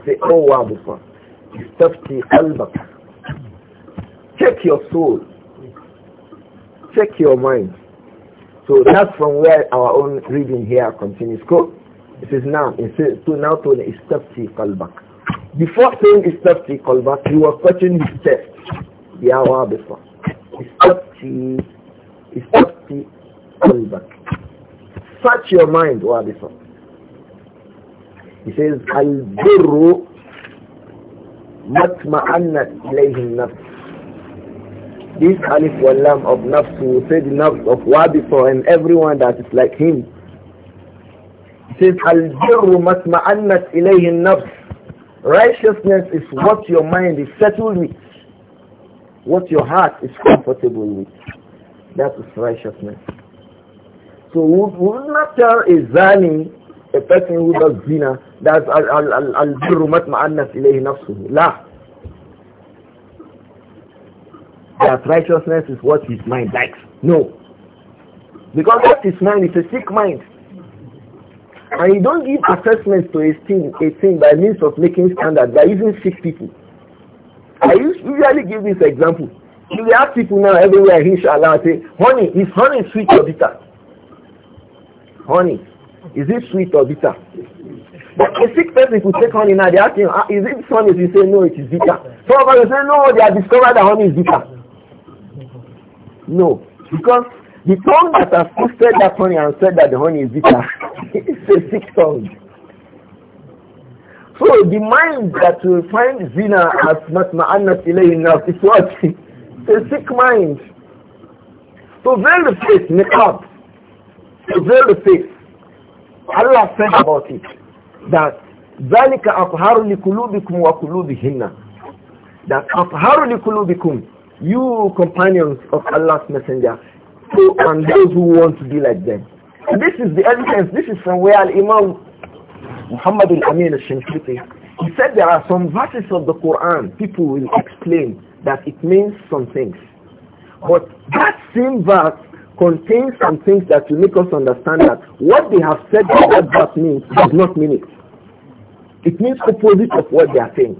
A: Say, Oh to Istafti qalbak. Check your soul. Check your mind. So that's from where our own reading here continues. Go. It says now, it says to now to istafti qalbak. Before saying istafti qalbak, he was touching his chest. Ya Wabisa. Istafti, istafti qalbak. Search your mind, Wabisa. He says, Al-Birru matma'annat ilayhi nafs. This alif wal of nafs who said nafs of Wabiso and everyone that is like him. He says, Al-Birru matma'annat ilayhi nafs. Righteousness is what your mind is settled with, what your heart is comfortable with. That is righteousness. So we will not tell a zani a person who does zina, that's al-birru matma'annas ilayhi nafsuhu. La. That righteousness is what his mind likes. No. Because that his mind is a sick mind. And you don't give assessments to a thing, a thing by means of making standards, by using sick people. I usually give this example. you we have people now everywhere, inshallah, say, honey, is honey sweet or bitter? Honey. Is it sweet or bitter? But a sick person could take honey now, they ask him, ah, is it honey? You say, no, it is bitter. you say, no, they have discovered that honey is bitter. No, because the tongue that has twisted that honey and said that the honey is bitter it is a sick tongue. So the mind that will find zina as matma'annat ilayhi nafs is It's a sick mind. so veil the face, niqab. so veil the face. Allah said about it that ذَلِكَ أَطْهَارُ لِكُلُوبِكُمْ وَكُلُوبِهِنَّ That أَطْهَارُ لِكُلُوبِكُمْ You companions of Allah's messenger so, and those who want to be like them. And this is the evidence. This is from where Al-Imam Muhammad al-Amin al-Shinkiti he said there are some verses of the Quran people will explain that it means some things. But that same verse contains some things that will make us understand that what they have said that that verse means does not mean it. It means opposite of what they are saying.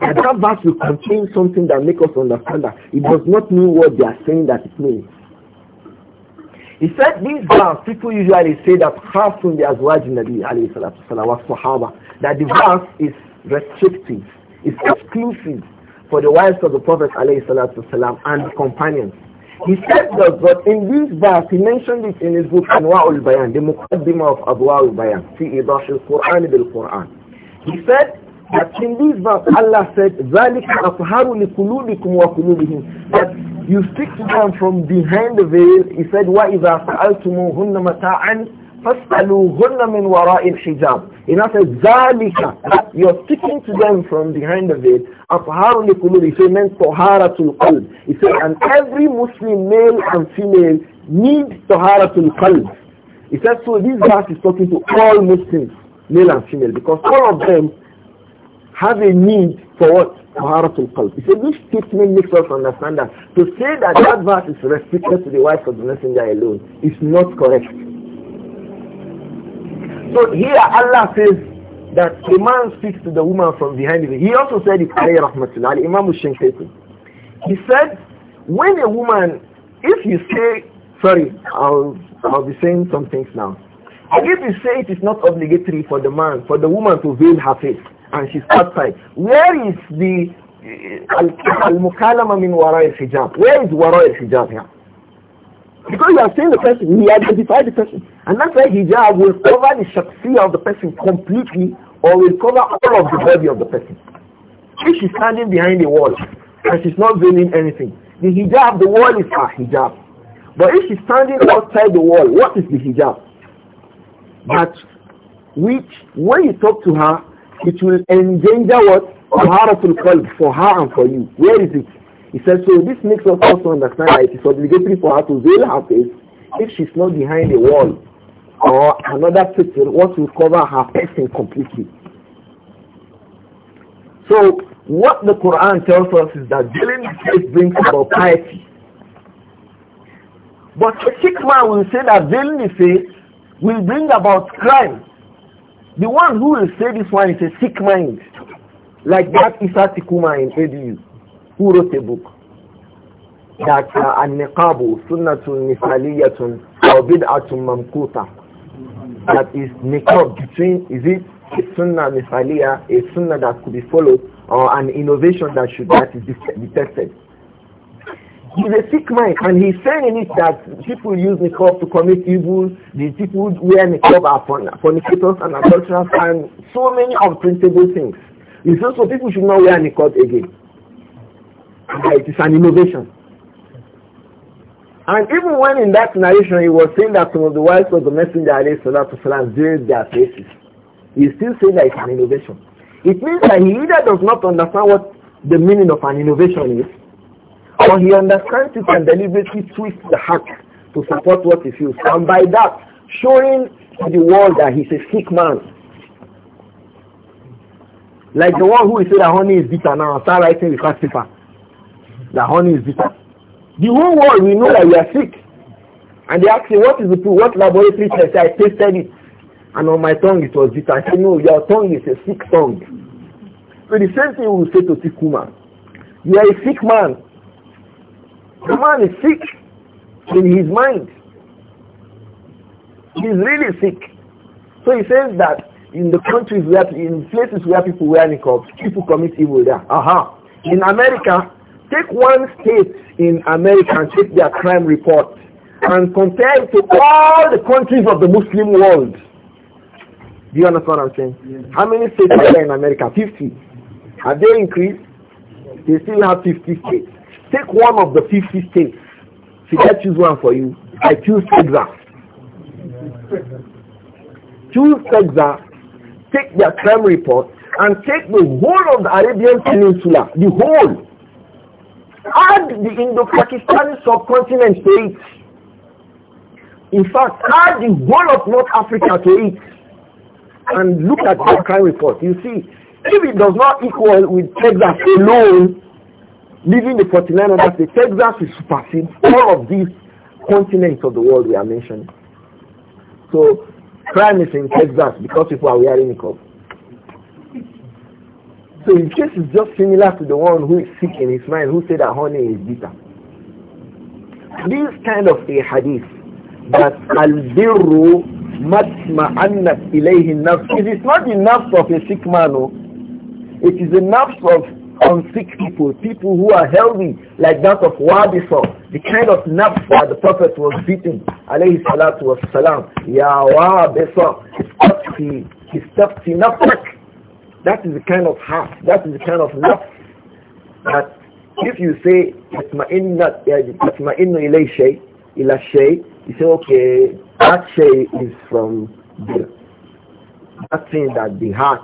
A: And that verse will contain something that make us understand that it does not mean what they are saying that it means. He said these verse, people usually say that half from the Azwaj Nabi alayhi salatu sahaba, that the verse is restrictive, is exclusive for the wives of the Prophet and the companions. He said that, but in this verse, he mentioned it in his book, Anwa'ul Bayan, the Muqaddimah of Anwa'ul Bayan, fi idash al-Qur'an bil-Qur'an. He said that in this verse, Allah said, ذَلِكَ أَطْهَرُ لِقُلُوبِكُمْ وَقُلُوبِهِمْ That you speak to them from behind the veil. He said, وَإِذَا سَأَلْتُمُهُنَّ مَتَاعًا فَاسْأَلُوهُنَّ مِنْ وَرَاءِ الْحِجَابِ In other ذَلِكَ You're speaking to them from behind the veil. أَطْهَارُ لِقُلُوبِ So it meant طَهَارَةُ الْقَلْبِ He said, and every Muslim male and female needs طَهَارَةُ الْقَلْبِ He says, so this verse is talking to all Muslims, male and female, because all of them have a need for what? Taharatul Qalb. So this statement makes us understand that to say that that verse is restricted to the wife of the messenger alone is not correct. So here Allah says that the man speaks to the woman from behind him. He also said it, alayhi Imam Shankiti. He said, when a woman, if you say, sorry, I'll, I'll be saying some things now. If you say it is not obligatory for the man, for the woman to veil her face, and she's outside, where is the al-mukalama min Warai hijab Where is wara hijab here? Because you are seeing the person, he identified the person. And that's why hijab will cover the shakhsiyah of the person completely or will cover all of the body of the person. If she's standing behind the wall and she's not doing anything, the hijab, the wall is her hijab. But if she's standing outside the wall, what is the hijab? That which, when you talk to her, it will endanger what? Taharatul qalb for her and for you. Where is it? He says, so this makes us also understand that it is obligatory for her to veil her face if she's not behind a wall or another picture, what will cover her person completely. So what the Quran tells us is that veiling the face brings about piety. But a sick man will say that veiling the face will bring about crime. The one who will say this one is a sick mind, like that Isa in ADU who wrote a book that uh, al-niqabu sunnatun misaliyatun or bid'atun mamkuta that is niqab between is it a sunnah misaliya a sunnah that could be followed or an innovation that should that is detected he's a sick man and he's saying in it that people use niqab to commit evil the people wear niqab are fornicators and adulterers and so many unprintable things he says so people should not wear niqab again it is an innovation. And even when in that narration he was saying that some of the wives of the Messenger والسلام, veiled their faces, he still saying that it's an innovation. It means that he either does not understand what the meaning of an innovation is, or he understands it and deliberately twists the heart to support what he feels. And by that, showing to the world that he's a sick man. Like the one who is saying that honey is bitter now and start writing with paper that honey is bitter. The whole world we know that we are sick. And they ask me, what is the proof? What laboratory test? I tasted it. And on my tongue it was bitter. I said, no, your tongue is a sick tongue. So the same thing we will say to sick woman. You are a sick man. The man is sick in his mind. He is really sick. So he says that in the countries where, in places where people wear niqab, people commit evil there. Aha. Uh -huh. In America, Take one state in America and take their crime report and compare it to all the countries of the Muslim world. Do you understand what I'm saying? Yeah. How many states are there in America? 50. Have they increased? They still have 50 states. Take one of the 50 states. See, I choose one for you. I choose Texas. Choose Texas. Take their crime report and take the whole of the Arabian Peninsula, the whole, Add the Indo-Pakistani subcontinent to it. In fact, add the whole of North Africa to it. And look at the crime report. You see, if it does not equal with Texas alone, leaving the 49 others, the Texas will supersede all of these continents of the world we are mentioning. So crime is in Texas because people are wearing niqab. So his case is just similar to the one who is sick in his mind who said that honey is bitter. This kind of a hadith that al-birru matma'annat ilayhi nafs. It is not the nafs of a sick man. Oh. It is the nafs of unsick people, people who are healthy, like that of Wabisa, the kind of nafs that the Prophet was beaten Alayhi salatu was salam. Ya Wabisa, he stepped in nafs. That is the kind of heart. that is the kind of love that if you say يطمئن uh, ila shay, ila shay, you say okay, that shay is from the that thing that the heart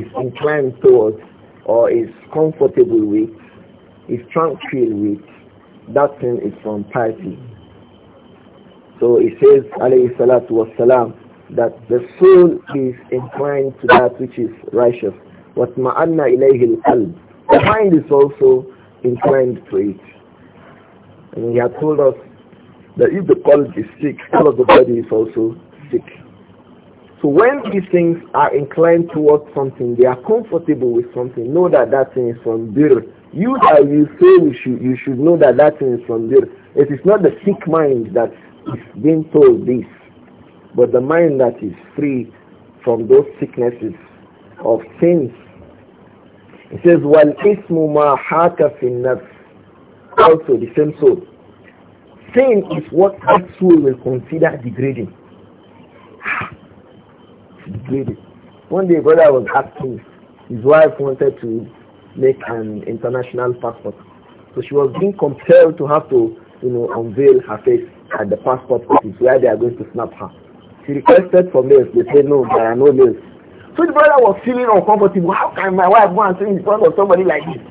A: is inclined towards or is comfortable with, is tranquil with, that thing is from piety. So it says, alayhi salatu wasalam, that the soul is inclined to that which is righteous. What ma'anna ilayhi al-qalb. The mind is also inclined to it. And he had told us that if the qalb is sick, all of the body is also sick. So when these things are inclined towards something, they are comfortable with something, know that that thing is from dir. You that you say you should, you should know that that thing is from dir. It is not the sick mind that is being told this. But the mind that is free from those sicknesses of sins, it says, وَالْإِثْمُ مَا حَاكَ فِي النَّفْسِ Also the same soul. Sin is what that soul will consider degrading. degrading. One day brother was asking, his wife wanted to make an international passport. So she was being compelled to have to, you know, unveil her face at the passport office where they are going to snap her. She requested for males. They said, no, there are no males. So the brother was feeling uncomfortable. How can my wife go and sit in front of somebody like this?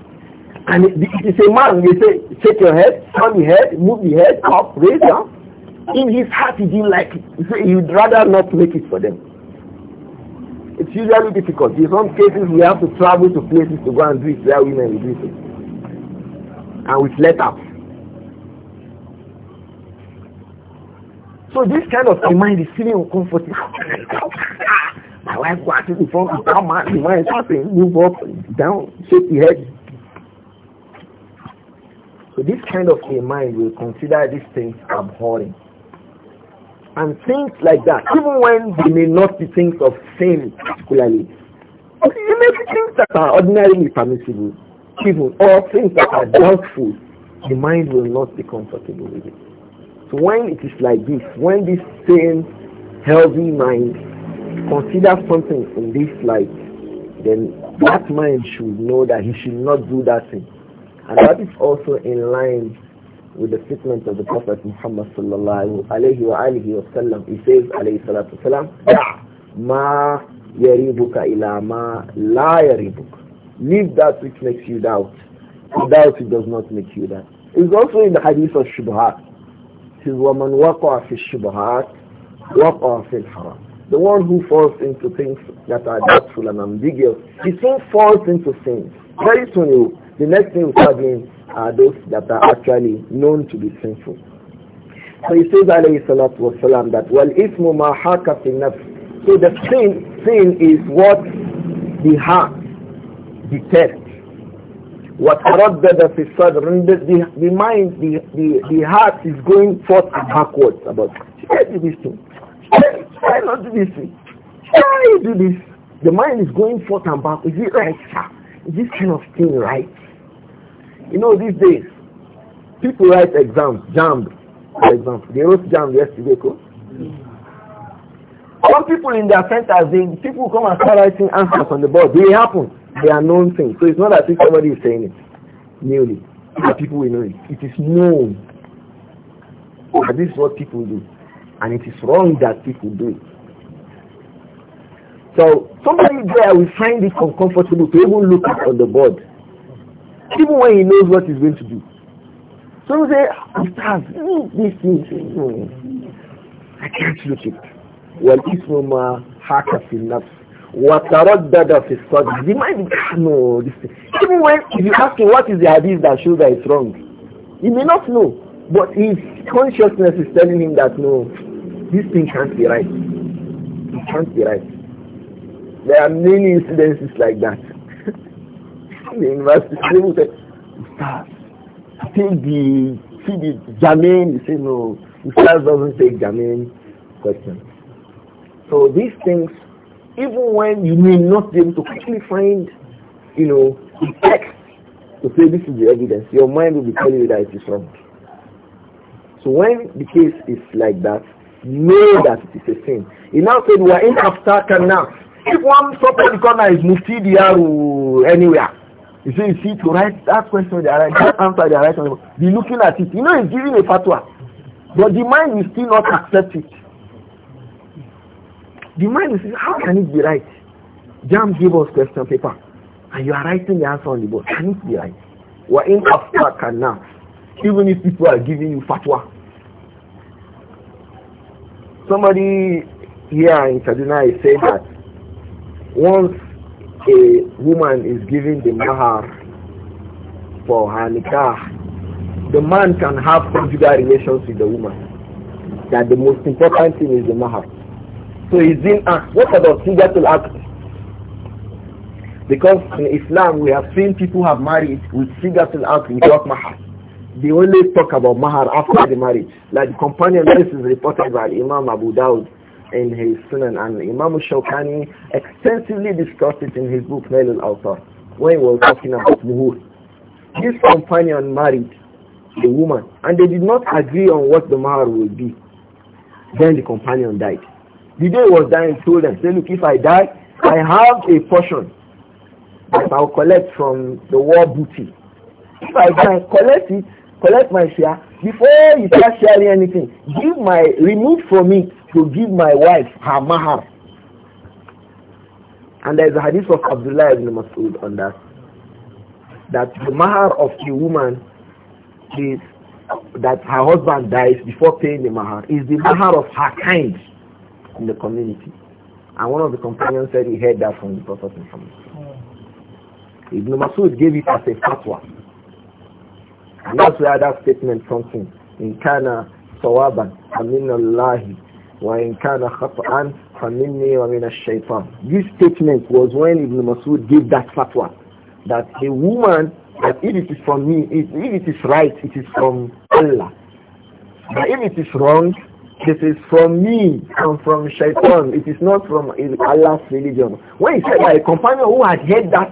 A: And it, it is a man. They say, shake your head, turn the head, move the head up, raise down. In his heart, he didn't like it. He he'd rather not make it for them. It's usually difficult. In some cases, we have to travel to places to go and do it where women will do it. And with out. So this kind of a mind is feeling uncomfortable. My wife was asking before me, come on, the mind something, move up, down, shake the head. So this kind of a mind will consider these things abhorring. And things like that, even when they may not be things of sin particularly, they may be things that are ordinarily permissible, even, or things that are doubtful, the mind will not be comfortable with it. So when it is like this, when this same healthy mind considers something in this light, then that mind should know that he should not do that thing. And that is also in line with the statement of the Prophet Muhammad sallallahu alayhi wa alihi wa sallam. He says, alayhi salatu salam. ma yaribuka ila ma la yaribuka. Leave that which makes you doubt. Doubt it does not make you doubt. It's also in the hadith of Shubhat says, وَمَنْ وَقَعَ فِي الشُّبْهَاتِ وَقَعَ فِي الْحَرَامِ The one who falls into things that are doubtful and ambiguous, he soon falls into sins. Very soon, you, the next thing we are doing are those that are actually known to be sinful. So he says, alayhi that وَالْإِثْمُ مَا حَاكَ فِي النَّفْسِ So the sin, sin is what the heart detests وَتَرَدَّدَ فِي الصَّدْرِ the, the mind, the, the, the heart is going forth and backwards about, Why do this thing? Why not do this thing? Why do this? The mind is going forth and back. Is it right, sir? Is this kind of thing right? You know, these days, people write exams, jammed, for example. They wrote jammed yesterday, cool? Some people in their centers, they, people come and start writing answers on the board. They happen. They are known things. So it's not as if somebody is saying it newly. The people will know it. It is known. And this is what people do. And it is wrong that people do it. So somebody there will find it uncomfortable to even look at on the board. Even when he knows what he's going to do. So we say, Ustaz, this thing, hmm. I can't look it. Well, it's no more hacker of nafs. وَتَرَدَّدَ فِي الصَّدْرِ The mind, ah, no, this thing. Even when, if you ask him what is the hadith that shows that it's wrong, he may not know, but his consciousness is telling him that no, this thing can't be right. It can't be right. There are many incidences like that. the university people say, Ustaz, take the, see the Jamin. he say, no, Ustaz doesn't take Jamin question. So these things even when you may not be able to quickly find, you know, the text to say this is the evidence, your mind will be telling you that it is wrong. So when the case is like that, know that it is a sin. He now said, we are in after now. If one proper corner is mufti anywhere, you see, you see, to write that question, are right answer, are right be looking at it. You know, he's giving a fatwa. But the mind will still not accept it. The mind is, how can it be right? Jam gave us question paper, and you are writing the answer on the board. Can it be right? We're in Africa now, even if people are giving you fatwa. Somebody here in Kaduna is saying that once a woman is given the mahar for her nikah, the man can have conjugal relations with the woman. That the most important thing is the mahar to his in act. What about Sigatul act? Because in Islam we have seen people have married with Sigatul act without mahar. They only talk about mahar after the marriage. Like the companion, this is reported by Imam Abu Dawud in his Sunan and Imam Shawkani extensively discussed it in his book Nail al when he was talking about muhur. This companion married the woman and they did not agree on what the mahar would be. Then the companion died. The day he was dying, he told them, say, look, if I die, I have a portion that I'll collect from the war booty. If I die, collect it, collect my share. Before you start sharing anything, give my, remove from me to give my wife her mahar. And there is a hadith of Abdullah ibn Mas'ud on that. That the mahar of a woman is that her husband dies before paying the mahar is the mahar of her kind in the community. And one of the companions said he heard that from the Prophet Muhammad. Ibn Masud gave it as a fatwa. And that's where that statement comes in. In kana sawaban aminallahi wa in kana khata'an faminni wa min ash-shaytan. This statement was when Ibn Masud gave that fatwa that a woman that if it is from me, if, if it is right, it is from Allah. But if it is wrong, this is from me and from shaitan. It is not from Allah's religion. When he said by a companion who had heard that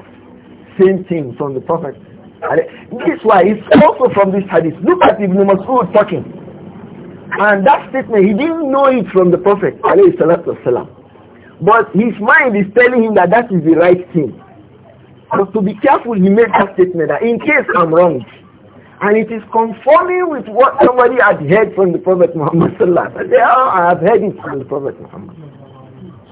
A: same thing from the Prophet, this why it's also from this hadith. Look at Ibn Mas'ud talking. And that statement, he didn't know it from the Prophet, but his mind is telling him that that is the right thing. But to be careful, he made that statement that in case I'm wrong, and it is conforming with what somebody had heard from the Prophet Muhammad sallallahu alaihi I have heard it from the Prophet Muhammad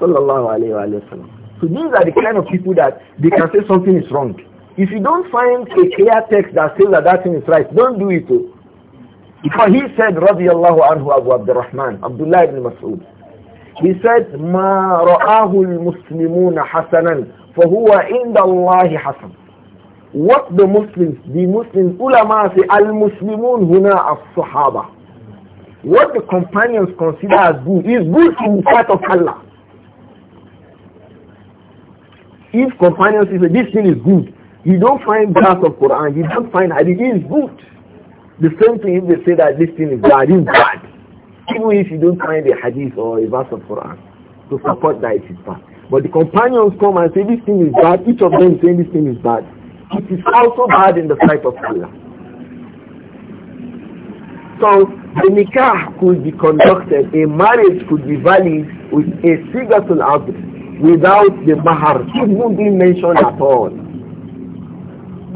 A: sallallahu alaihi wasallam. So these are the kind of people that they can say something is wrong. If you don't find a clear text that says that that thing is right, don't do it. Too. Oh. Because he said, radiyallahu anhu Abu Abdurrahman, Abdullah ibn Mas'ud, he said, ما رآه المسلمون حسنا فهو عند الله حسن what the Muslims, the Muslims, ulama say, al-Muslimun huna as-sahaba. What the companions consider as good is good in the sight of Allah. If companions say this thing is good, you don't find verse of Quran, you don't find hadith, it is good. The same thing if they say that this thing is bad, is bad. Even if you don't find a hadith or a verse of Quran to support that it is bad. But the companions come and say this thing is bad, each of them saying this thing is bad it is also bad in the sight of Allah. So the nikah could be conducted, a marriage could be valid with a sigatul abd without the mahar, not being mentioned at all,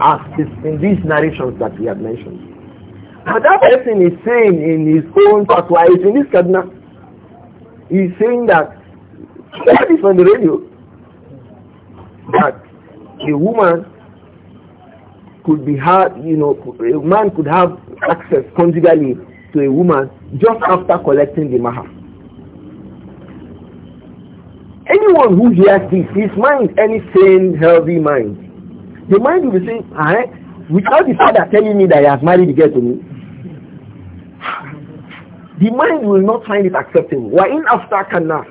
A: as is in these narrations that we have mentioned. But that person is saying in his own fatwa, it's in his kadna, he's saying that, that is on the radio, that a woman could be had, you know, a man could have access conjugally to a woman just after collecting the mahar. Anyone who hears this, his mind, any sane, healthy mind, the mind will be saying, "Ah, without the father telling me that he has married the girl to me, the mind will not find it acceptable. Why in after cannot?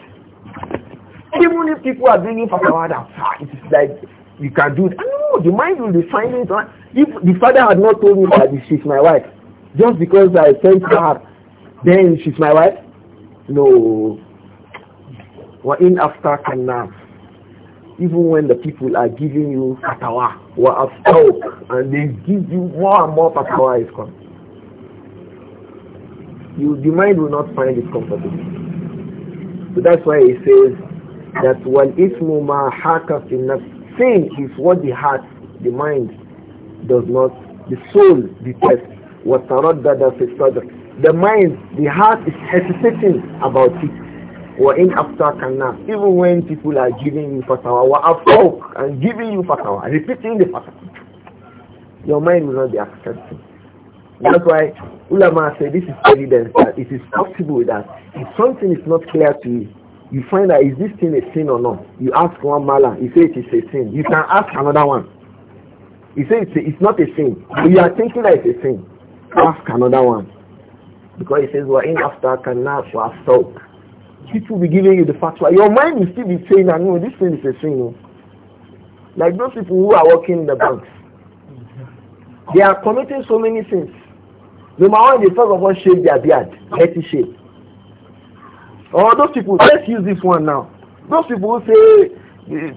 A: Even if people are bringing fatawada, it is like you can do it. No, the mind will be finding it. Uh, if the father had not told me that she's my wife, just because I sent her, then she's my wife? No. in after canna? Even when the people are giving you katawa, wa aftauk, and they give you more and more katawa is coming. You, the mind will not find it comfortable. So that's why he says that when ismu ma haka fi nafs Sin is what the heart, the mind does not, the soul detests. وَتَرَدَّدَ فِي الصَّدْرِ The mind, the heart is hesitating about it. in أَفْتَاكَ now. Even when people are giving you fatawa, وَأَفْتَوْكَ And giving you fatawa, repeating the fatwa. Your mind will not be accepting. That's why ulama say this is evidence that it is possible that if something is not clear to you, you find out is this thing a sin or not? You ask one mala, he say it is a sin. You can ask another one. He say it's not a sin. You are thinking that it's a sin. Ask another one. Because he says, we're in after cannot for assault. People be giving you the fatwa. Your mind will still be saying that, no, this thing is a sin. Like those people who are working in the banks. They are committing so many sins. Number one, they first of all shave their beard, dirty shave. Or those people, let's use this one now. Those people who say, eh,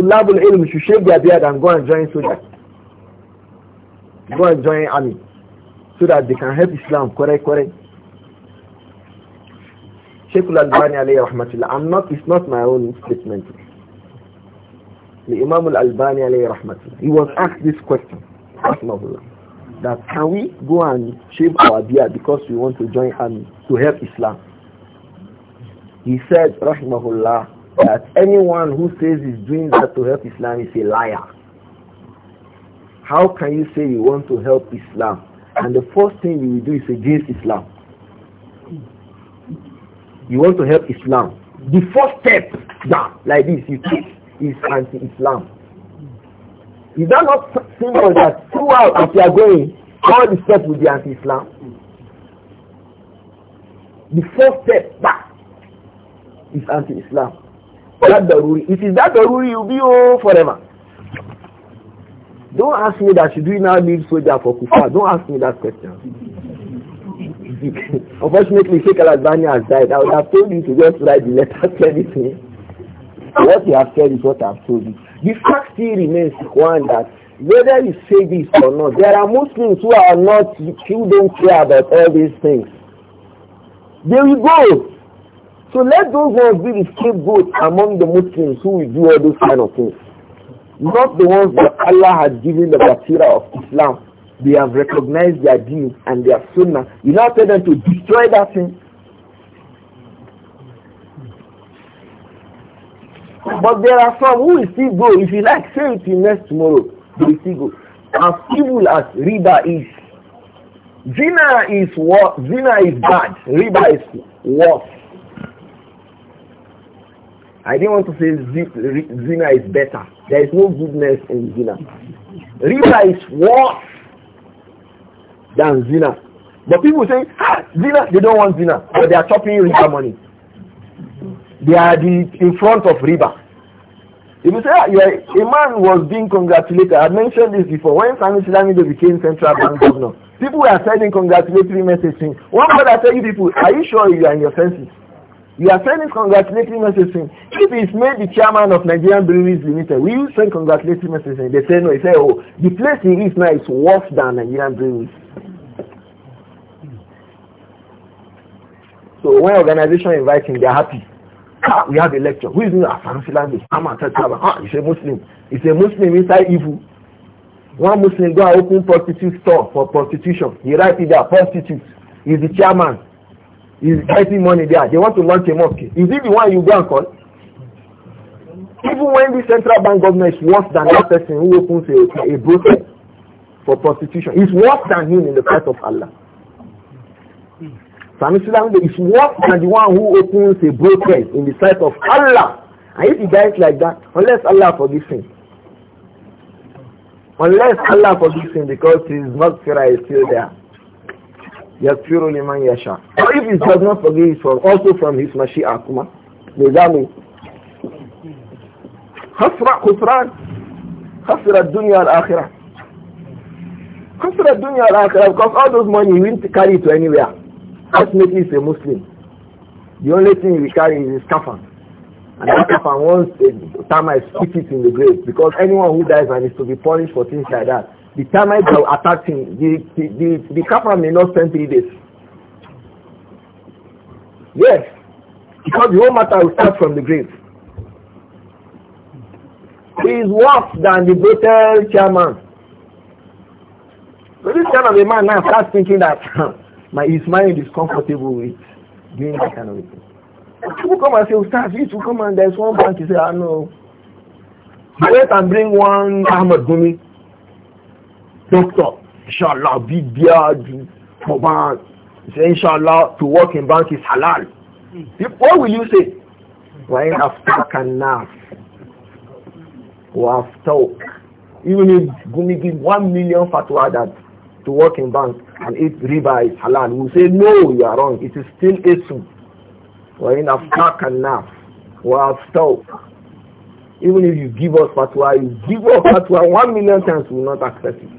A: Labul Ilm should shave their beard and go and join soldier. Go and join army. So that they can help Islam, correct, correct. Sheikh al-Albani alayhi rahmatullah. I'm not, it's not my own statement. The Imam al-Albani alayhi rahmatullah. He was asked this question. Rahmatullah. That can we go and shave our beard because we want to join army to help Islam? He said, Rahimahullah, that anyone who says he's doing that to help Islam is a liar. How can you say you want to help Islam? And the first thing you will do is against Islam. You want to help Islam. The first step down like this you take is anti-Islam. Is that not symbol that throughout as you are going, all the steps will be anti-Islam? The first step back is anti-Islam. That daruri. It is that daruri will be oh, forever. Don't ask me that should we now leave soldier for Kufa. Don't ask me that question. Unfortunately, Sheikh Al-Albani has died. I would have told you to just write the letter clearly to me. What you have said is what I've told you. The fact still remains one that whether you say this or not, there are Muslims who are not, who don't care about all these things. They will go. So let those ones be the scapegoat among the Muslims who will do all those kind of things. Not the ones that Allah has given the basira of Islam. They have recognized their deeds and their sunnah. You now tell them to destroy that thing. But there are some who will still go. If you like, say it in next tomorrow. They will still go. As evil as riba is, zina is what? Zina is bad. Riba is worse. I didn't want to say zina is better. There is no goodness in zina. Riba is worse than zina. But people say, ah, zina, they don't want zina. But they are chopping riba money. They are the, in front of riba. If you say, ah, yeah, a man was being congratulated, I mentioned this before, when Sami Silamido became central bank governor, people were sending congratulatory messages. One brother said, you people, are you sure you are in your senses? We are sending congratulatory messages. If he's made the chairman of Nigerian Breweries Limited, we will send congratulatory messages. They say no. They say, oh, the place he is now is worse than Nigerian Breweries. So when organization invites him, they're happy. Ah, we have a lecture. Who is in Afansi language? I'm ah, a Ah, he's a Muslim. He's a Muslim inside evil. One Muslim go and open prostitute store for prostitution. He write it there, prostitute. He's the chairman is getting money there. They want to launch a mosque. Is it the one you go and call? Even when the central bank government is worse than that person who opens a, a brothel for prostitution, it's worse than him in the sight of Allah. Sanusi Lamide is worse than the one who opens a brothel in the sight of Allah. And if he dies like that, unless Allah forgives him. Unless Allah forgives him because his Maghfirah is still there. يغفر لمن يشاء so if he does not forgive it's from also from his mashia kuma does that mean خسر خسران خسر الدنيا الآخرة dunya, الدنيا الآخرة because all those money you won't carry to anywhere ultimately is a Muslim the only thing we carry is his kafan and that kafan once the Tama is put it in the grave because anyone who dies and is to be punished for things like that the termites will attack him. The, the, the, the may not spend three days. Yes. Because the whole matter will start from the grave. He is worse than the hotel chairman. So this kind of a man now starts thinking that my his mind is comfortable with doing that kind of thing. People come and say, Ustaz, you to come and there's one bank. You say, I ah, know. Wait and bring one Ahmed Gumi doctor, inshallah, big beard, for bank. He said, inshallah, to work in bank is halal. Hmm. What will you say? Why after canaf? Or after even if Gumi give one million fatwa that to work in bank and eat riba is halal, we say no, you are wrong. It is still isu. we have in aftak and naf. we Even if you give us fatwa, you give us fatwa one million times, we will not accept it.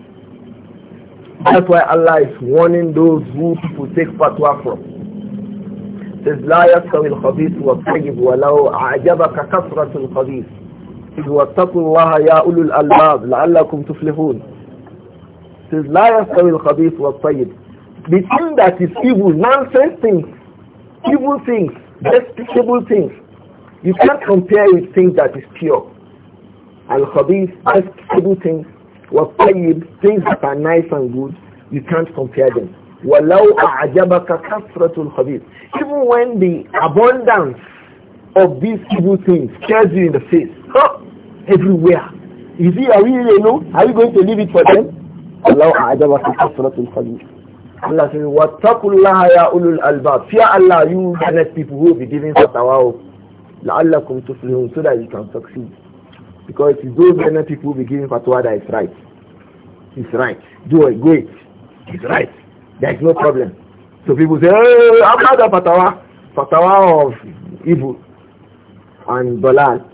A: That's why Allah is warning those who people take fatwa from. It says, لا يستوي الخبيث والطيب ولو أعجبك كثرة الخبيث واتقوا الله يا أولو الألباب لعلكم تفلحون It says, لا Khabis الخبيث والطيب The thing that is evil, nonsense things, evil things, despicable things, you can't compare with things that is pure. al Khabis, despicable things, وَالطَّيِّبِ Things that are nice and good, you can't compare them. وَلَوْ أَعْجَبَكَ كَثْرَةُ الْخَبِيثِ Even when the abundance of these evil things stares you in the face, huh, everywhere. Is it, are we really know? Are we going to leave it for them? وَلَوْ أَعْجَبَكَ كَثْرَةُ الْخَبِيثِ Allah says, وَاتَّقُوا اللَّهَ يَا أُولُو الْأَلْبَابِ Fear Allah, you honest people who will be giving fatwa. لَعَلَّكُمْ تُفْلِحُونَ So that you can succeed. Because if those many people be giving fatwa that is right, it's right. Do it, go it. It's right. There is no problem. So people say, hey, how about fatwa? Fatwa of evil and balad."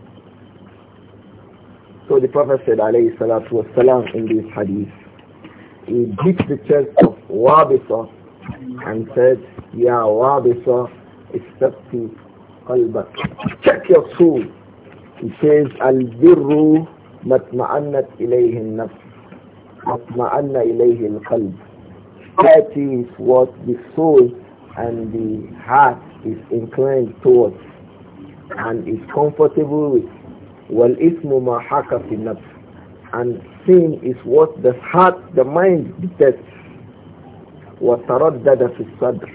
A: So the Prophet said, alayhi salatu was salam, in this hadith, he beat the chest of Wabisa and said, Ya Wabisa, accept qalbak. Check your soul. He says, Al-birru matma'annat ilayhi nafs matma'anna ilayhi al-qalb. Piety is what the soul and the heart is inclined towards and is comfortable with. وَالْإِثْمُ مَا حَكَ فِي النَّفْسِ And sin is what the heart, the mind detests. وَتَرَدَّدَ فِي الصَّدْرِ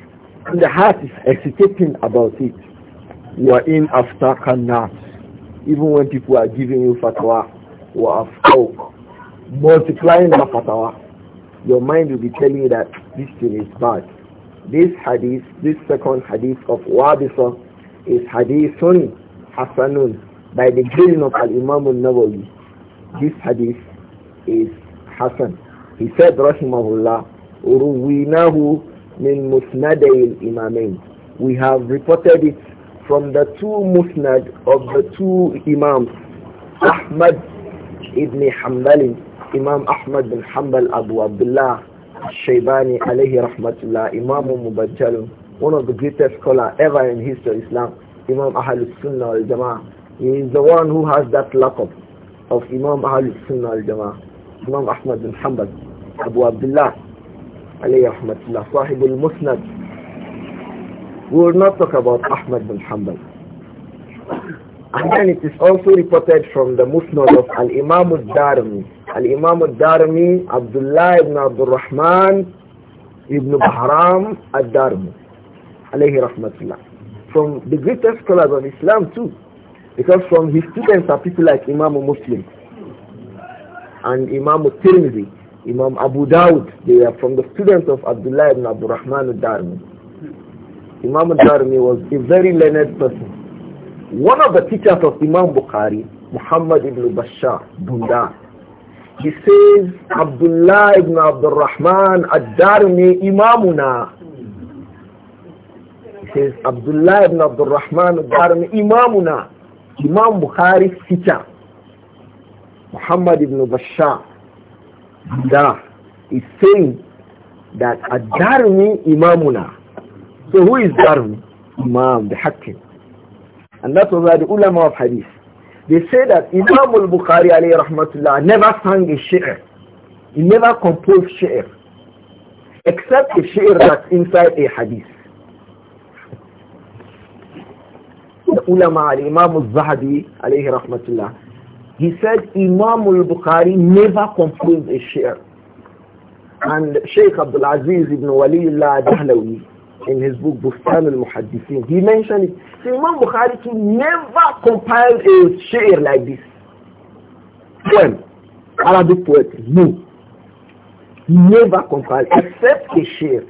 A: And the heart is hesitating about it. وَإِنْ أَفْتَاكَ النَّاسِ even when people are giving you fatwa or folk, multiplying the fatwa, your mind will be telling you that this thing is bad. This hadith, this second hadith of Wabisa is hadithun hasanun by the grading of Al-Imam al-Nawawi. This hadith is hasan. He said, Rahimahullah, Uruwinahu min musnadayil imamain. We have reported it from the two musnad of the two imams, Ahmad ibn Hanbal, Imam Ahmad bin Hanbal Abu Abdullah Shaybani alayhi rahmatullah, Imam Mubajjal, one of the greatest scholar ever in history of Islam, Imam Ahlul Sunnah al Jama'ah. He is the one who has that laqab of Imam Ahlul Sunnah al Jama'ah, Imam Ahmad bin Hanbal, Abu Abdullah alayhi rahmatullah, Sahib al-Musnad, we will not talk about Ahmad bin Hanbal. And then it is also reported from the Musnad of Al-Imam al-Darmi. Al-Imam al-Darmi, Abdullah ibn Abdul Rahman ibn Bahram al-Darmi. Alayhi rahmatullah. From the greatest scholars of Islam too. Because from his students are people like Imam Muslim and Imam al-Tirmidhi, Imam Abu Dawud. They are from the students of Abdullah ibn Abdul Rahman al-Darmi. Imam al-Darmi was a very learned person. One of the teachers of Imam Bukhari, Muhammad ibn Bashar Bundar, he says, Abdullah ibn Abdul Rahman al-Darmi imamuna. He says, Abdullah ibn Abdul Rahman al-Darmi imamuna. Imam Bukhari's teacher, Muhammad ibn Bashar Bundar, is saying that al-Darmi imamuna. So who is Darun? Imam, the Hakim. And that was the ulama of hadith. They say that Imam al-Bukhari alayhi rahmatullah never sang a shi'r. He never composed shi'r. Except a shi'r that's inside a hadith. The ulama, the Imam al-Zahabi alayhi rahmatullah, he said Imam al-Bukhari never composed a shi'r. And Sheikh Abdul Aziz ibn Waliullah Dahlawi, in his book Bustan al-Muhaddithin, he mentioned it. So Imam Bukhari never compiled a shair like this. Poem, Arabic poetry, no. He never compiled except a shair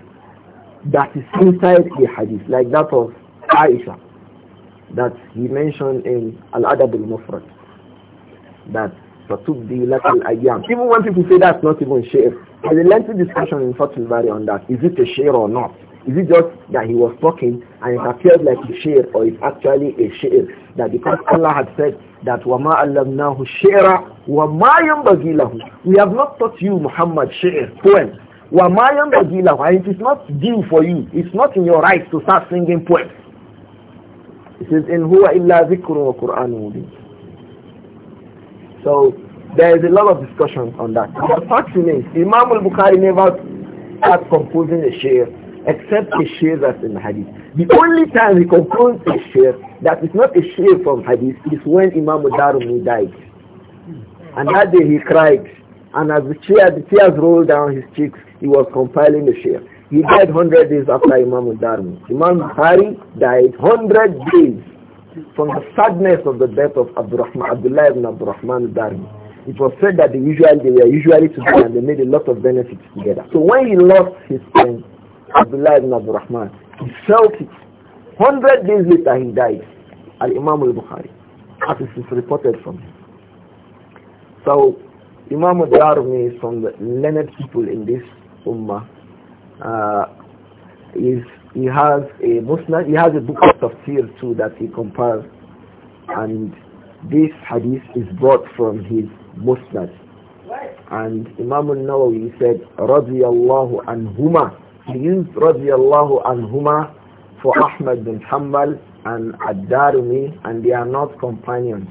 A: that is inside the hadith, like that of Aisha that he mentioned in Al-Adab al-Mufrad that فَتُبْدِي لَكَ الْأَيَّامِ Even when people say that's not even share, there's a lengthy discussion in Fatul Bari on that. Is it a share or not? Is it just that he was talking and it appeared like a share or it's actually a share? That because Allah had said that وَمَا أَلَّمْنَاهُ شِعْرًا wa يَنْبَغِي لَهُ We have not taught you Muhammad share, poem. wa يَنْبَغِي لَهُ And it is not due for you. It's not in your right to start singing poems. It says, in هُوَ illa ذِكْرٌ wa مُبِينٌ So, there is a lot of discussion on that. The fact remains, Imam al-Bukhari never started composing a share except a share that's in the hadith. The only time he confronts a share that is not a share from hadith is when Imam Darumi died. And that day he cried. And as the, tears, the tears rolled down his cheeks, he was compiling the share. He died 100 days after Imam Darumi. Imam Bukhari died 100 days from the sadness of the death of Abdurrahman, Abdullah ibn Abdurrahman Darumi. It was said that they usually they were usually together and they made a lot of benefits together. So when he lost his friend, Abdullah ibn Abdul Rahman. He felt it. Hundred days later he died. Al-Imam al-Bukhari. As it is reported from him. So Imam al-Darmi is from the learned people in this ummah. Uh, is he has a Muslim, he has a book of tafsir too that he compiles, and this hadith is brought from his Musnad and Imam al-Nawawi said radiyallahu anhuma he used radiallahu anhuma for Ahmad bin Hanbal and Ad-Darumi and they are not companions.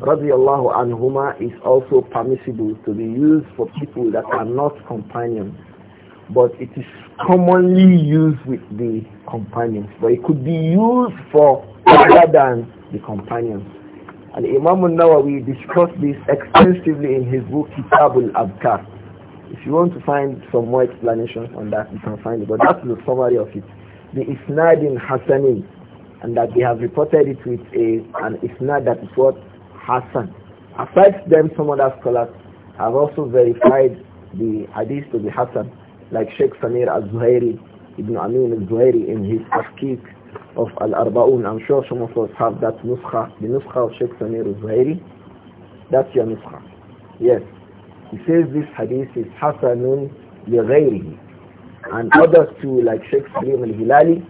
A: Radiallahu anhuma is also permissible to be used for people that are not companions. But it is commonly used with the companions. But it could be used for other than the companions. And Imam al-Nawawi discussed this extensively in his book Kitab al-Abkar. If you want to find some more explanations on that, you can find it. But that's the summary of it. The isnad in Hassanin, and that they have reported it with a, an isnad that is what Hassan. Aside them, some other scholars have also verified the hadith to be Hassan, like Sheikh Samir al-Zuhairi, Ibn Amin al-Zuhairi in his Tahqiq of Al-Arba'un. I'm sure some of us have that nuskha, the nuskha of Sheikh Samir al-Zuhairi. That's your nuskha. Yes. He says this hadith is Hasanun لغيره and others too like Sheikh Salim al-Hilali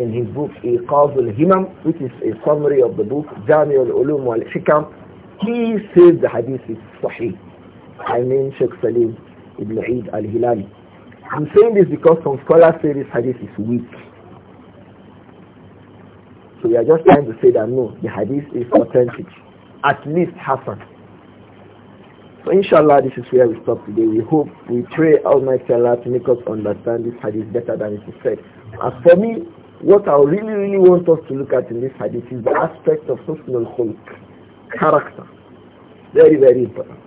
A: in his book Iqaz al-Himam which is a summary of the book Jami al-Ulum wal-Hikam he says the hadith is Sahih I mean Sheikh Salim ibn Eid al-Hilali I'm saying this because some scholars say this hadith is weak so we are just trying to say that no the hadith is authentic at least Hasan. So inshallah, this is where we stop today. We hope, we pray Almighty Allah to make us understand this hadith better than it is said. As for me, what I really, really want us to look at in this hadith is the aspect of social al-khulq, character. Very, very important.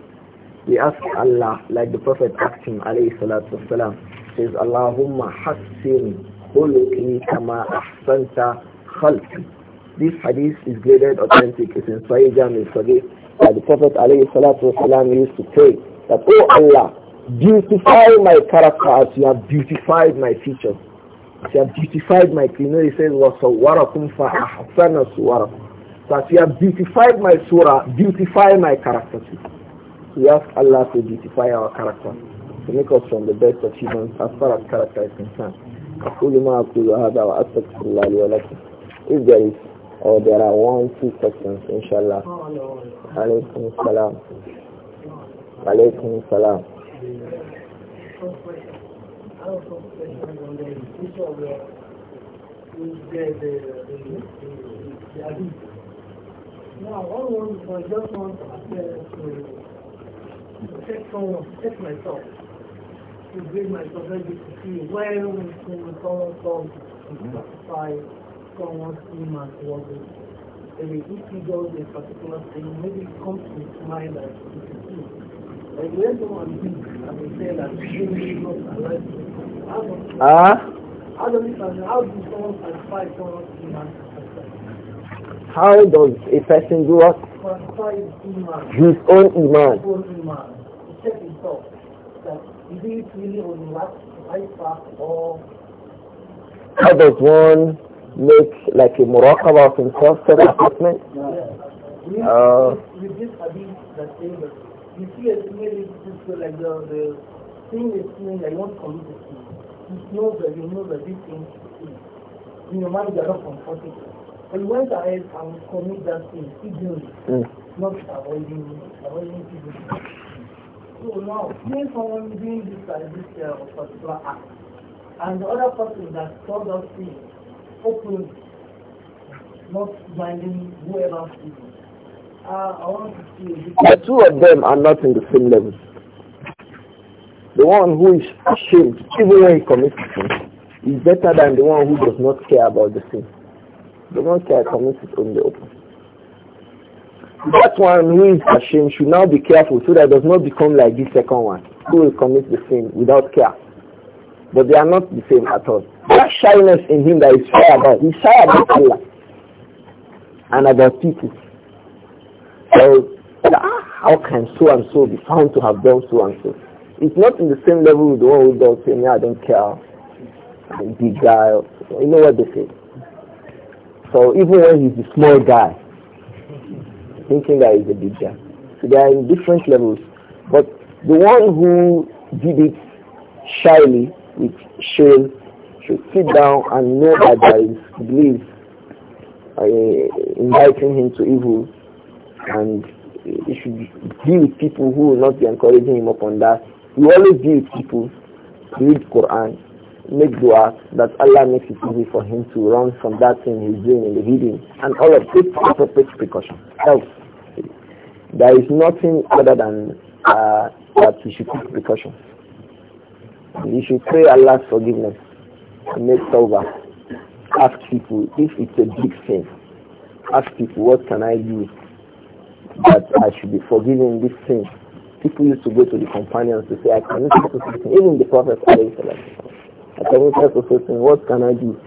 A: We ask Allah, like the Prophet asked him, alayhi salatu wasalam, says, Allahumma hassin khulqi kama ahsanta khalqi. This hadith is graded authentic. It's in Sahih Jami Sahih that the Prophet والسلام, used to pray that, Oh Allah, beautify my character as you have beautified my features. As you have beautified my, you know, he says, وَصَوَّرَكُمْ فَأَحْسَنَ صُوَرَكُمْ So as you have beautified my surah, beautify my character too. We ask Allah to beautify our character, to make us from the best of humans as far as character is concerned. أقول ما أقول هذا وأستغفر الله لي ولكم. If there is or there are one, two questions, inshallah. Oh, Aleykum salam. Aleykum salam.
B: Now, one one, I just want to check someone, check myself, to bring myself ready to see when someone comes from, to satisfy someone's human wasn't. uh, if he does a particular thing, maybe it comes to mind Like when someone thinks and they say that he is not alive,
A: how
B: does how it how does someone satisfy
A: How does a person do what?
B: his own iman. check himself
A: how does one make like a muraqabah of himself, self-assessment? Yeah. Uh,
B: with this hadith that says that you see a female like the, the thing is saying, I won't commit a sin. He knows that you know that this thing is sin. In your mind, you are not comfortable. But you went ahead and commit that thing, ignorantly, mm. not avoiding, avoiding people. So now, seeing someone doing this, uh, this uh, particular act, and the other person that saw that sin, open, not binding whoever is. Uh, the
A: two of them are not in the same level. The one who is ashamed, even when he commits sin, is better than the one who does not care about the sin. The one who commits it in the open. That one who is ashamed should now be careful so that does not become like the second one, who will commit the sin without care. But they are not the same at all. That shyness in him that is shy about, he's shy about Allah and about people. So, how can so and so be found to have done so and so? It's not in the same level with the one who does saying, yeah, I don't care, I'm big guy. You know what they say. So even when he's a small guy, thinking that he's a big guy. So they are in different levels. But the one who did it shyly with shame should sit down and know that there is bliss uh, inviting him to evil and he should deal with people who will not be encouraging him upon that. You always deal with people, read Quran, make dua that Allah makes it easy for him to run from that thing he's doing in the hidden and all of proper appropriate precaution. Else, there is nothing other than uh, that we should take precautions. You should pray Allah's forgiveness and make tawbah. Ask people if it's a big sin. Ask people what can I do that I should be forgiven this sin. People used to go to the companions to say, I cannot do something. Even the Prophet I cannot do something. What can I do?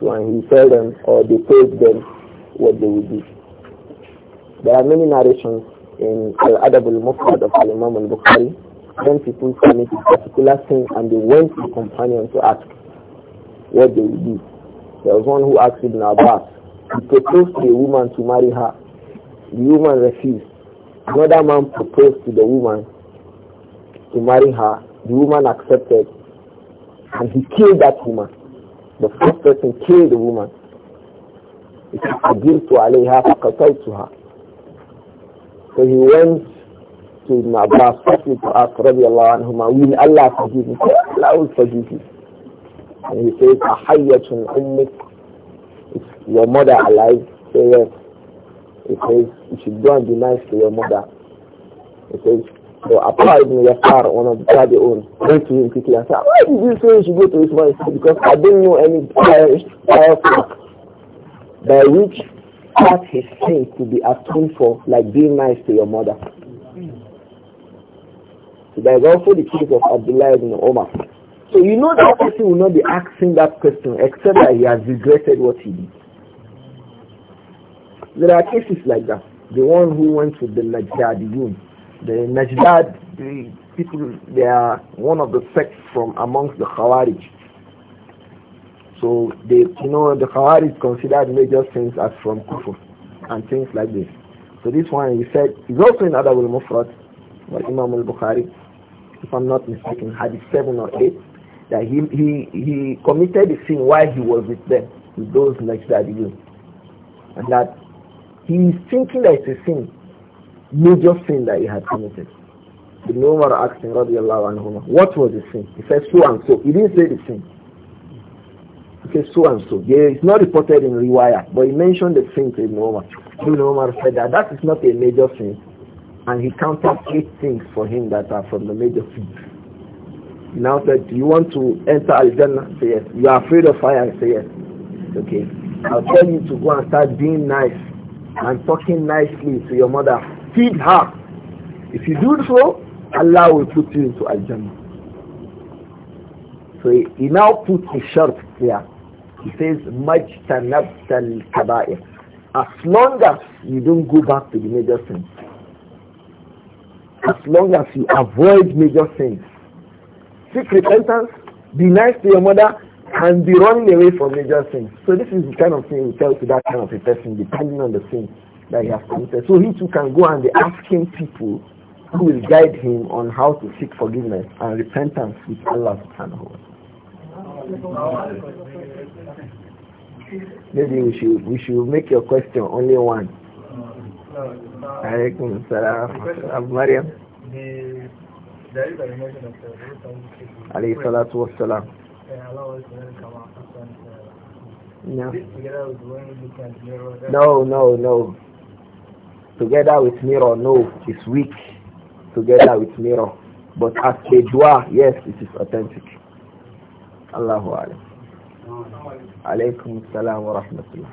A: So and he tell them or they told them what they would do. There are many narrations in Al-Adab al-Mufrad of imam al-Bukhari when people commit a particular sin and they went to the companion to ask what they will do. There was one who asked Ibn Abbas, he proposed to a woman to marry her. The woman refused. Another man proposed to the woman to marry her. The woman accepted and he killed that woman. The first person killed the woman. He said, to alayha, to her. So he went to Ibn Abbas, especially to ask, Allah, and anhuma, will Allah forgive you? Allah will forgive you. And he says, Ahayyatun ummik, is your mother alive? Say yes. He says, you should go and be nice to your mother. He says, so in your car one of the own." went to him quickly and said, why did you say you should go to his wife? Because I didn't know any prior by which part his sin could be atoned for, like being nice to your mother. So also the case of Abdullah ibn Omar. So you know that person will not be asking that question except that he has regretted what he did. There are cases like that. The one who went to the Najdadiyun. The Najdad, the people, they are one of the sects from amongst the Khawarij. So they, you know, the Khawarij considered major sins as from kufr and things like this. So this one he said is also in Adab al-Mufrad by Imam al-Bukhari if I'm not mistaken, hadith 7 or 8, that he, he, he committed a sin while he was with them, with those you And that he is thinking that it's a sin, major sin that he had committed. The Umar asked him, radiallahu anhu, what was the sin? He said, so and so. He didn't say the sin. He said, so and so. Yeah, it's not reported in Riwayah, but he mentioned the sin to Ibn Umar. Ibn Umar said that that is not a major sin, and he counted eight things for him that are from the major feet. He now said, do you want to enter Al-Jannah? Say yes. You are afraid of fire? Say yes. Okay. I'll tell you to go and start being nice and talking nicely to your mother. Feed her. If you do so, Allah will put you into Al-Jannah. So he, he now puts a shirt there. He says, Majtanabta kabair As long as you don't go back to the major sins, as long as you avoid major sins. Seek repentance, be nice to your mother, and be running away from major sins. So this is the kind of thing we tell to that kind of a person depending on the sin that he has committed. So he too can go and be asking people who will guide him on how to seek forgiveness and repentance with Allah subhanahu
B: wa
A: Maybe we should we should make your question only one.
B: Alaikum salam. Maryam. The, there is a mention salatu No. No,
A: no, no. Together with mirror, no. It's weak. Together with mirror. But as a dua, yes, it is authentic. Allahu Alam. Alaykum salam wa rahmatullah.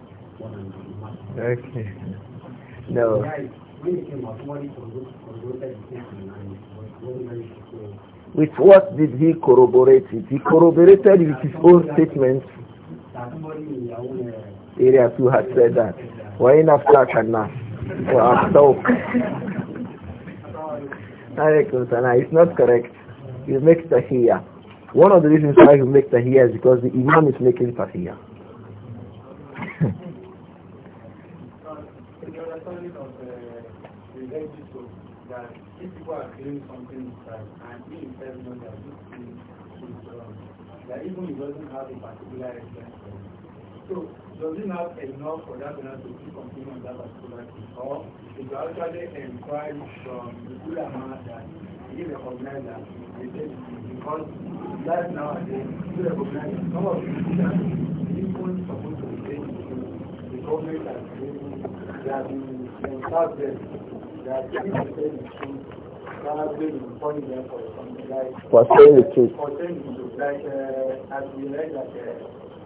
A: Okay. No. With what did he corroborate it? He corroborated with his own statements. Uh, Area 2 had said that. وَإِنْ أَفْتَاكَ النَّاسِ وَأَفْتَوْكَ Alaykum salam. It's not correct. You make tahiyya. One of the reasons why you make tahiyya is because the imam is making tahiyya.
B: understanding of uh, the, the legislature that if people are claiming something inside and he himself knows that this thing is wrong, that even he doesn't have a particular reference So, does he have enough for that person to keep continuing on that particular thing? Or if you actually inquire from the ulama that he recognizes that he said because life nowadays, he recognizes some of the things that he supposed to for something like... For saying the truth. For saying the truth, like uh, as we read like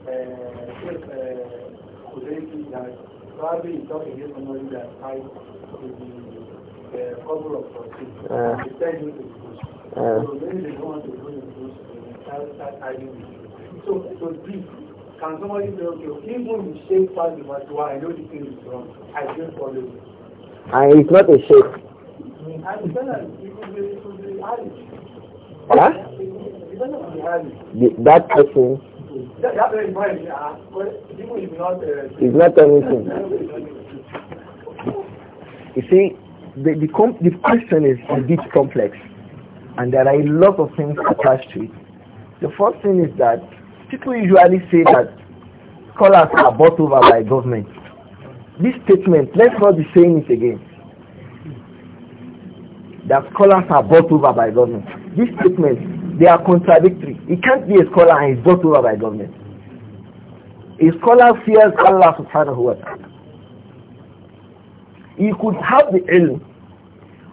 B: uh, uh, Kudaisi, that probably talking to somebody that fights to the uh, couple of prostitutes. Uh. They tell the Uh. So maybe they don't want to do the truth, so they start, start arguing with you. So, so this Can somebody say, you, even if you shake past the fatwa, I know the thing is wrong. I just follow it.
A: And it's not a shake.
B: Huh?
A: The, that person
B: is not anything.
A: You see, the, the, com the question is a bit complex and there are a lot of things attached to it. The first thing is that People usually say that scholars are bought over by government. This statement, let's not be saying it again. That scholars are bought over by government. This statement, they are contradictory. It can't be a scholar and is bought over by government. A scholar fears Allah subhanahu wa ta'ala. He could have the ilm,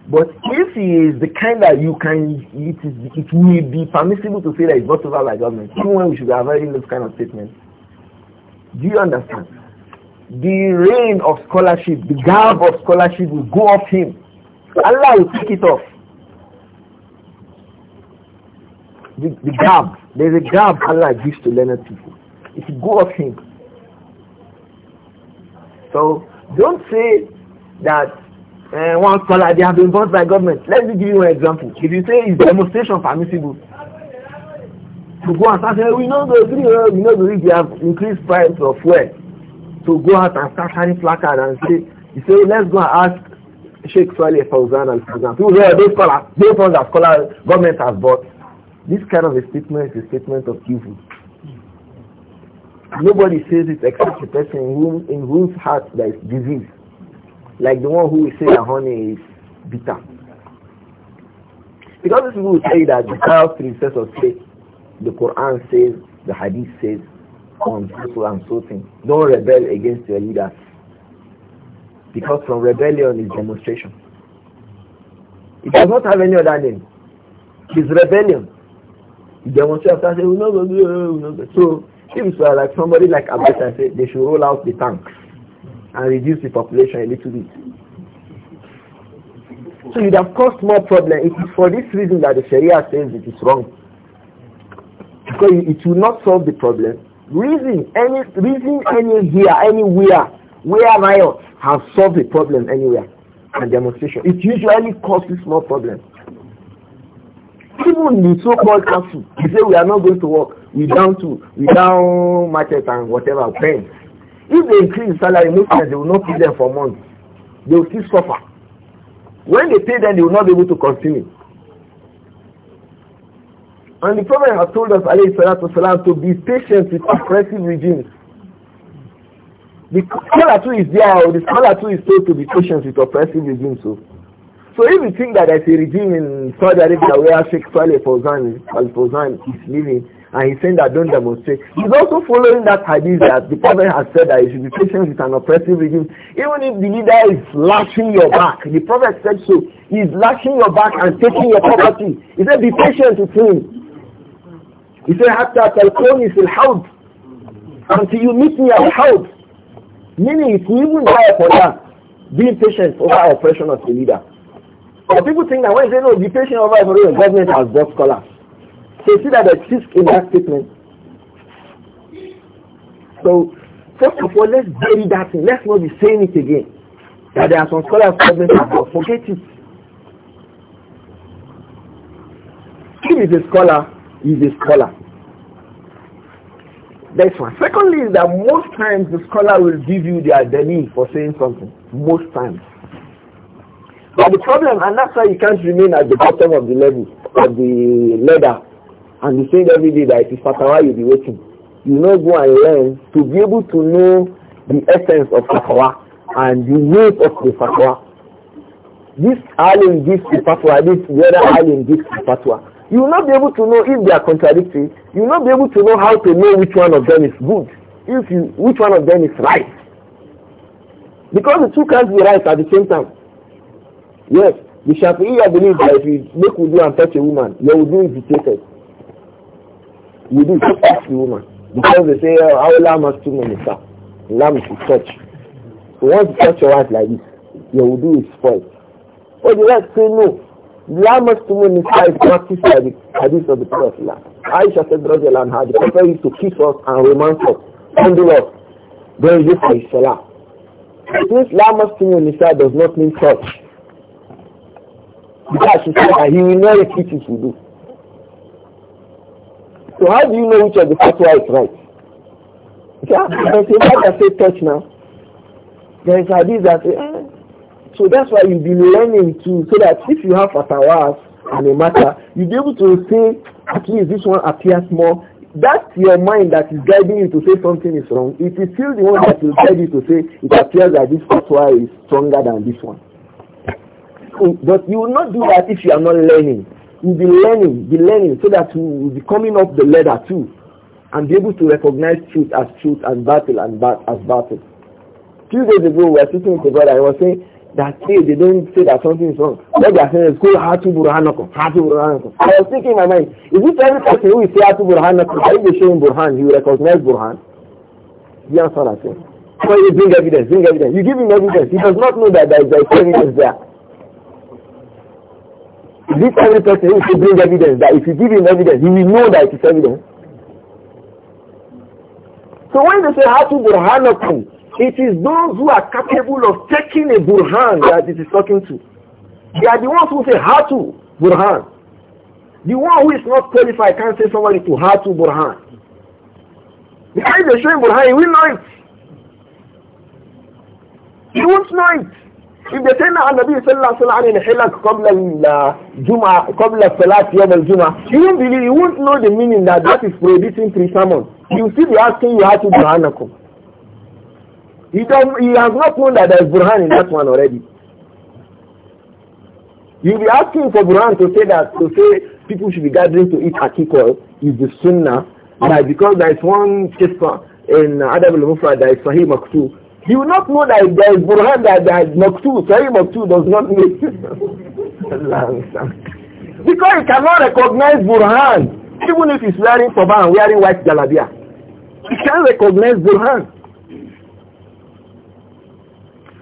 A: but if he is the kind that you can, it, is, it will be permissible to say that it's not over by government, even when we should be avoiding those kind of statements. Do you understand? The reign of scholarship, the garb of scholarship will go off him. Allah will take it off. The, the garb, there's a garb Allah gives to learned people. It will go off him. So don't say that uh, one scholar, they have been bought by government. Let me give you an example. If you say it's demonstration permissible, to go out and say, we know the three, uh, we know the they have increased price of fuel. To go out and start carrying placard and say, you say, let's go and ask Sheikh Swali Fauzan and Fauzan. Who were those scholars? Those ones that scholar government has bought. This kind of a statement is a statement of evil. Nobody says it except the person in whom, in whose heart there is disease. Like the one who will say that honey is bitter. Because this people say that the Caliph princes of faith, the Quran says, the Hadith says, on so and so thing. Don't rebel against your leaders. Because from rebellion is demonstration. It does not have any other name. It's rebellion. You demonstrate after saying, we're not going to do So, if it's like somebody like Abbas, I say, they should roll out the tanks and reduce the population a little bit. So it have caused more problem. It is for this reason that the Sharia says it is wrong. Because it will not solve the problem. Reason any reason any here, anywhere, where riot have solved the problem anywhere and demonstration. It usually causes more problems. Even the so-called council, You say we are not going to work. We down to we down market and whatever pain. If they increase salary, most times they will not pay them for months. They will still suffer. When they pay them, they will not be able to continue. And the Prophet has told us, alayhi salatu salam, to be patient with oppressive regimes. The scholar too is there, or oh, the scholar too is told to be patient with oppressive regimes. So, oh. so if you think that there's a regime in Saudi Arabia where Sheikh Saleh Fawzan, Al-Fawzan is living, and he's saying that don't demonstrate. He's also following that hadith that the Prophet has said that you should be patient with an oppressive regime. Even if the leader is lashing your back, the Prophet said so, he's lashing your back and taking your property. He said, be patient with him. He said, حتى he في help until you meet me at will help. Meaning if you even die for that, Be patient over oppression of the leader. But people think that when they know be patient over oppression, government has brought scholars. So see that there's risk in that statement. So first of all, let's bury that thing. Let's not be saying it again. That there are some scholars coming. Oh, forget it. If he's a scholar, he's a scholar. Next one. Secondly is that most times the scholar will give you their delay for saying something. Most times. But the problem, and that's why you can't remain at the bottom of the level, of the ladder and you say every day that it is fatawa you'll be waiting. You know, go and learn to be able to know the essence of fatawa and the weight of the fatwa. This alim gives the fatwa, this the other alim gives the fatwa. You will not be able to know if they are contradictory. You will not be able to know how to know which one of them is good, if you, which one of them is right. Because the two can't be right at the same time. Yes, the Shafi'i believe that if you make wudu and touch a woman, your wudu is dictated. You do to ask the woman. Because they say, oh, how oh, lam has many minutes. Lam is touch. once you touch your wife like this, your do is spoiled. But the wife say no. Lam has two minutes is practiced by the hadith of the Prophet. Aisha said, Brother Lam had the Prophet used to kiss us and romance us, the Lord. Then you say, Salah. Since Lam has two minutes does not mean touch. Because she said that he will not repeat his do. So how do you know which of the fatwa is right? Yeah, because if I say touch now, there is hadith that say, eh. so that's why you have be learning too, so that if you have fatwas and a matter, you'll be able to say, at least this one appears more. That's your mind that is guiding you to say something is wrong. It is still the one that will guide you to say it appears that this fatwa is stronger than this one. But you will not do that if you are not learning. We'll be learning, be learning so that we'll be coming up the ladder too and be able to recognize truth as truth and battle and bat as battle. Two days ago we were sitting together, and I was saying that hey, they don't say that something is wrong. What they are saying is go Hatu Burhanakum, Hatu Burhanakum. I was thinking in my mind, is it every person who is say Hatu Burhanakum, are you showing Burhan, he will recognize Burhan? You understand what I'm saying? So you bring evidence, bring evidence. You give him evidence. He does not know that there is evidence there. This every person who should bring evidence that if you give him evidence, he will know that it is evidence. So when they say how to burhanakum, it is those who are capable of taking a burhan that it is talking to. They are the ones who say how to burhan. The one who is not qualified can't say somebody to how to burhan. Because they show him burhan, he will know it. He won't know it. If they say now Nabi sallallahu alayhi wa sallam qabla Juma, qabla salat yawm al-Juma, you won't believe, you won't know the meaning that that is prohibiting three sermons. You still be asking you how to Burhanakum. He, he has not known that there is Burhan in that one already. You'll be asking for Burhan to say that, to say people should be gathering to eat akiko is the sunnah, right? Because there is one case in Adab al-Mufrad, there that is Sahih Maktub, he will not know that there is Burhan, that there is Maktu. Sahih Maktu does not make Because he cannot recognize Burhan, even if he's wearing turban and wearing white jalabia. He can't recognize Burhan.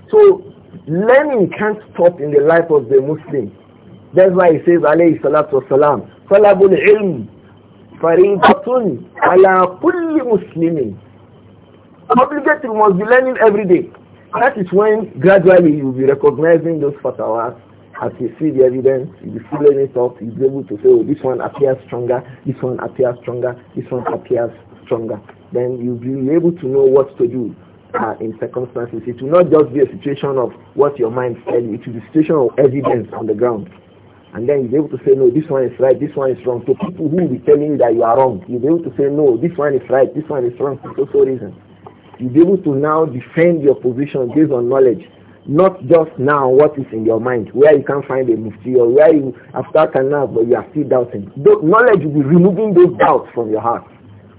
A: So learning can't stop in the life of the Muslim. That's why he says, alayhi salatu wasalam, talabul ilm faridatun ala kulli muslimin. Obligatory must be learning every day. That is when gradually you will be recognizing those fatwas as you see the evidence, you be filling it up, you'll be able to say, oh, this one appears stronger, this one appears stronger, this one appears stronger. Then you'll be able to know what to do uh, in circumstances. It will not just be a situation of what your mind you, it will be a situation of evidence on the ground. And then you'll be able to say, no, this one is right, this one is wrong. So people who will be telling you that you are wrong, you'll be able to say, no, this one is right, this one is wrong, for so, so reason you'll be able to now defend your position based on knowledge, not just now what is in your mind, where you can't find a mufti or where you started now but you are still doubting. The knowledge will be removing those doubts from your heart.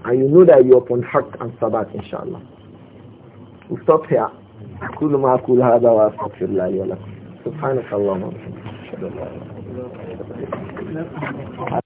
A: And you know that you're upon haq and sabat, inshallah. we we'll stop here. أقول ما أقول هذا وأستغفر الله لي ولكم سبحانك اللهم وبحمدك أشهد أن لا إله إلا أنت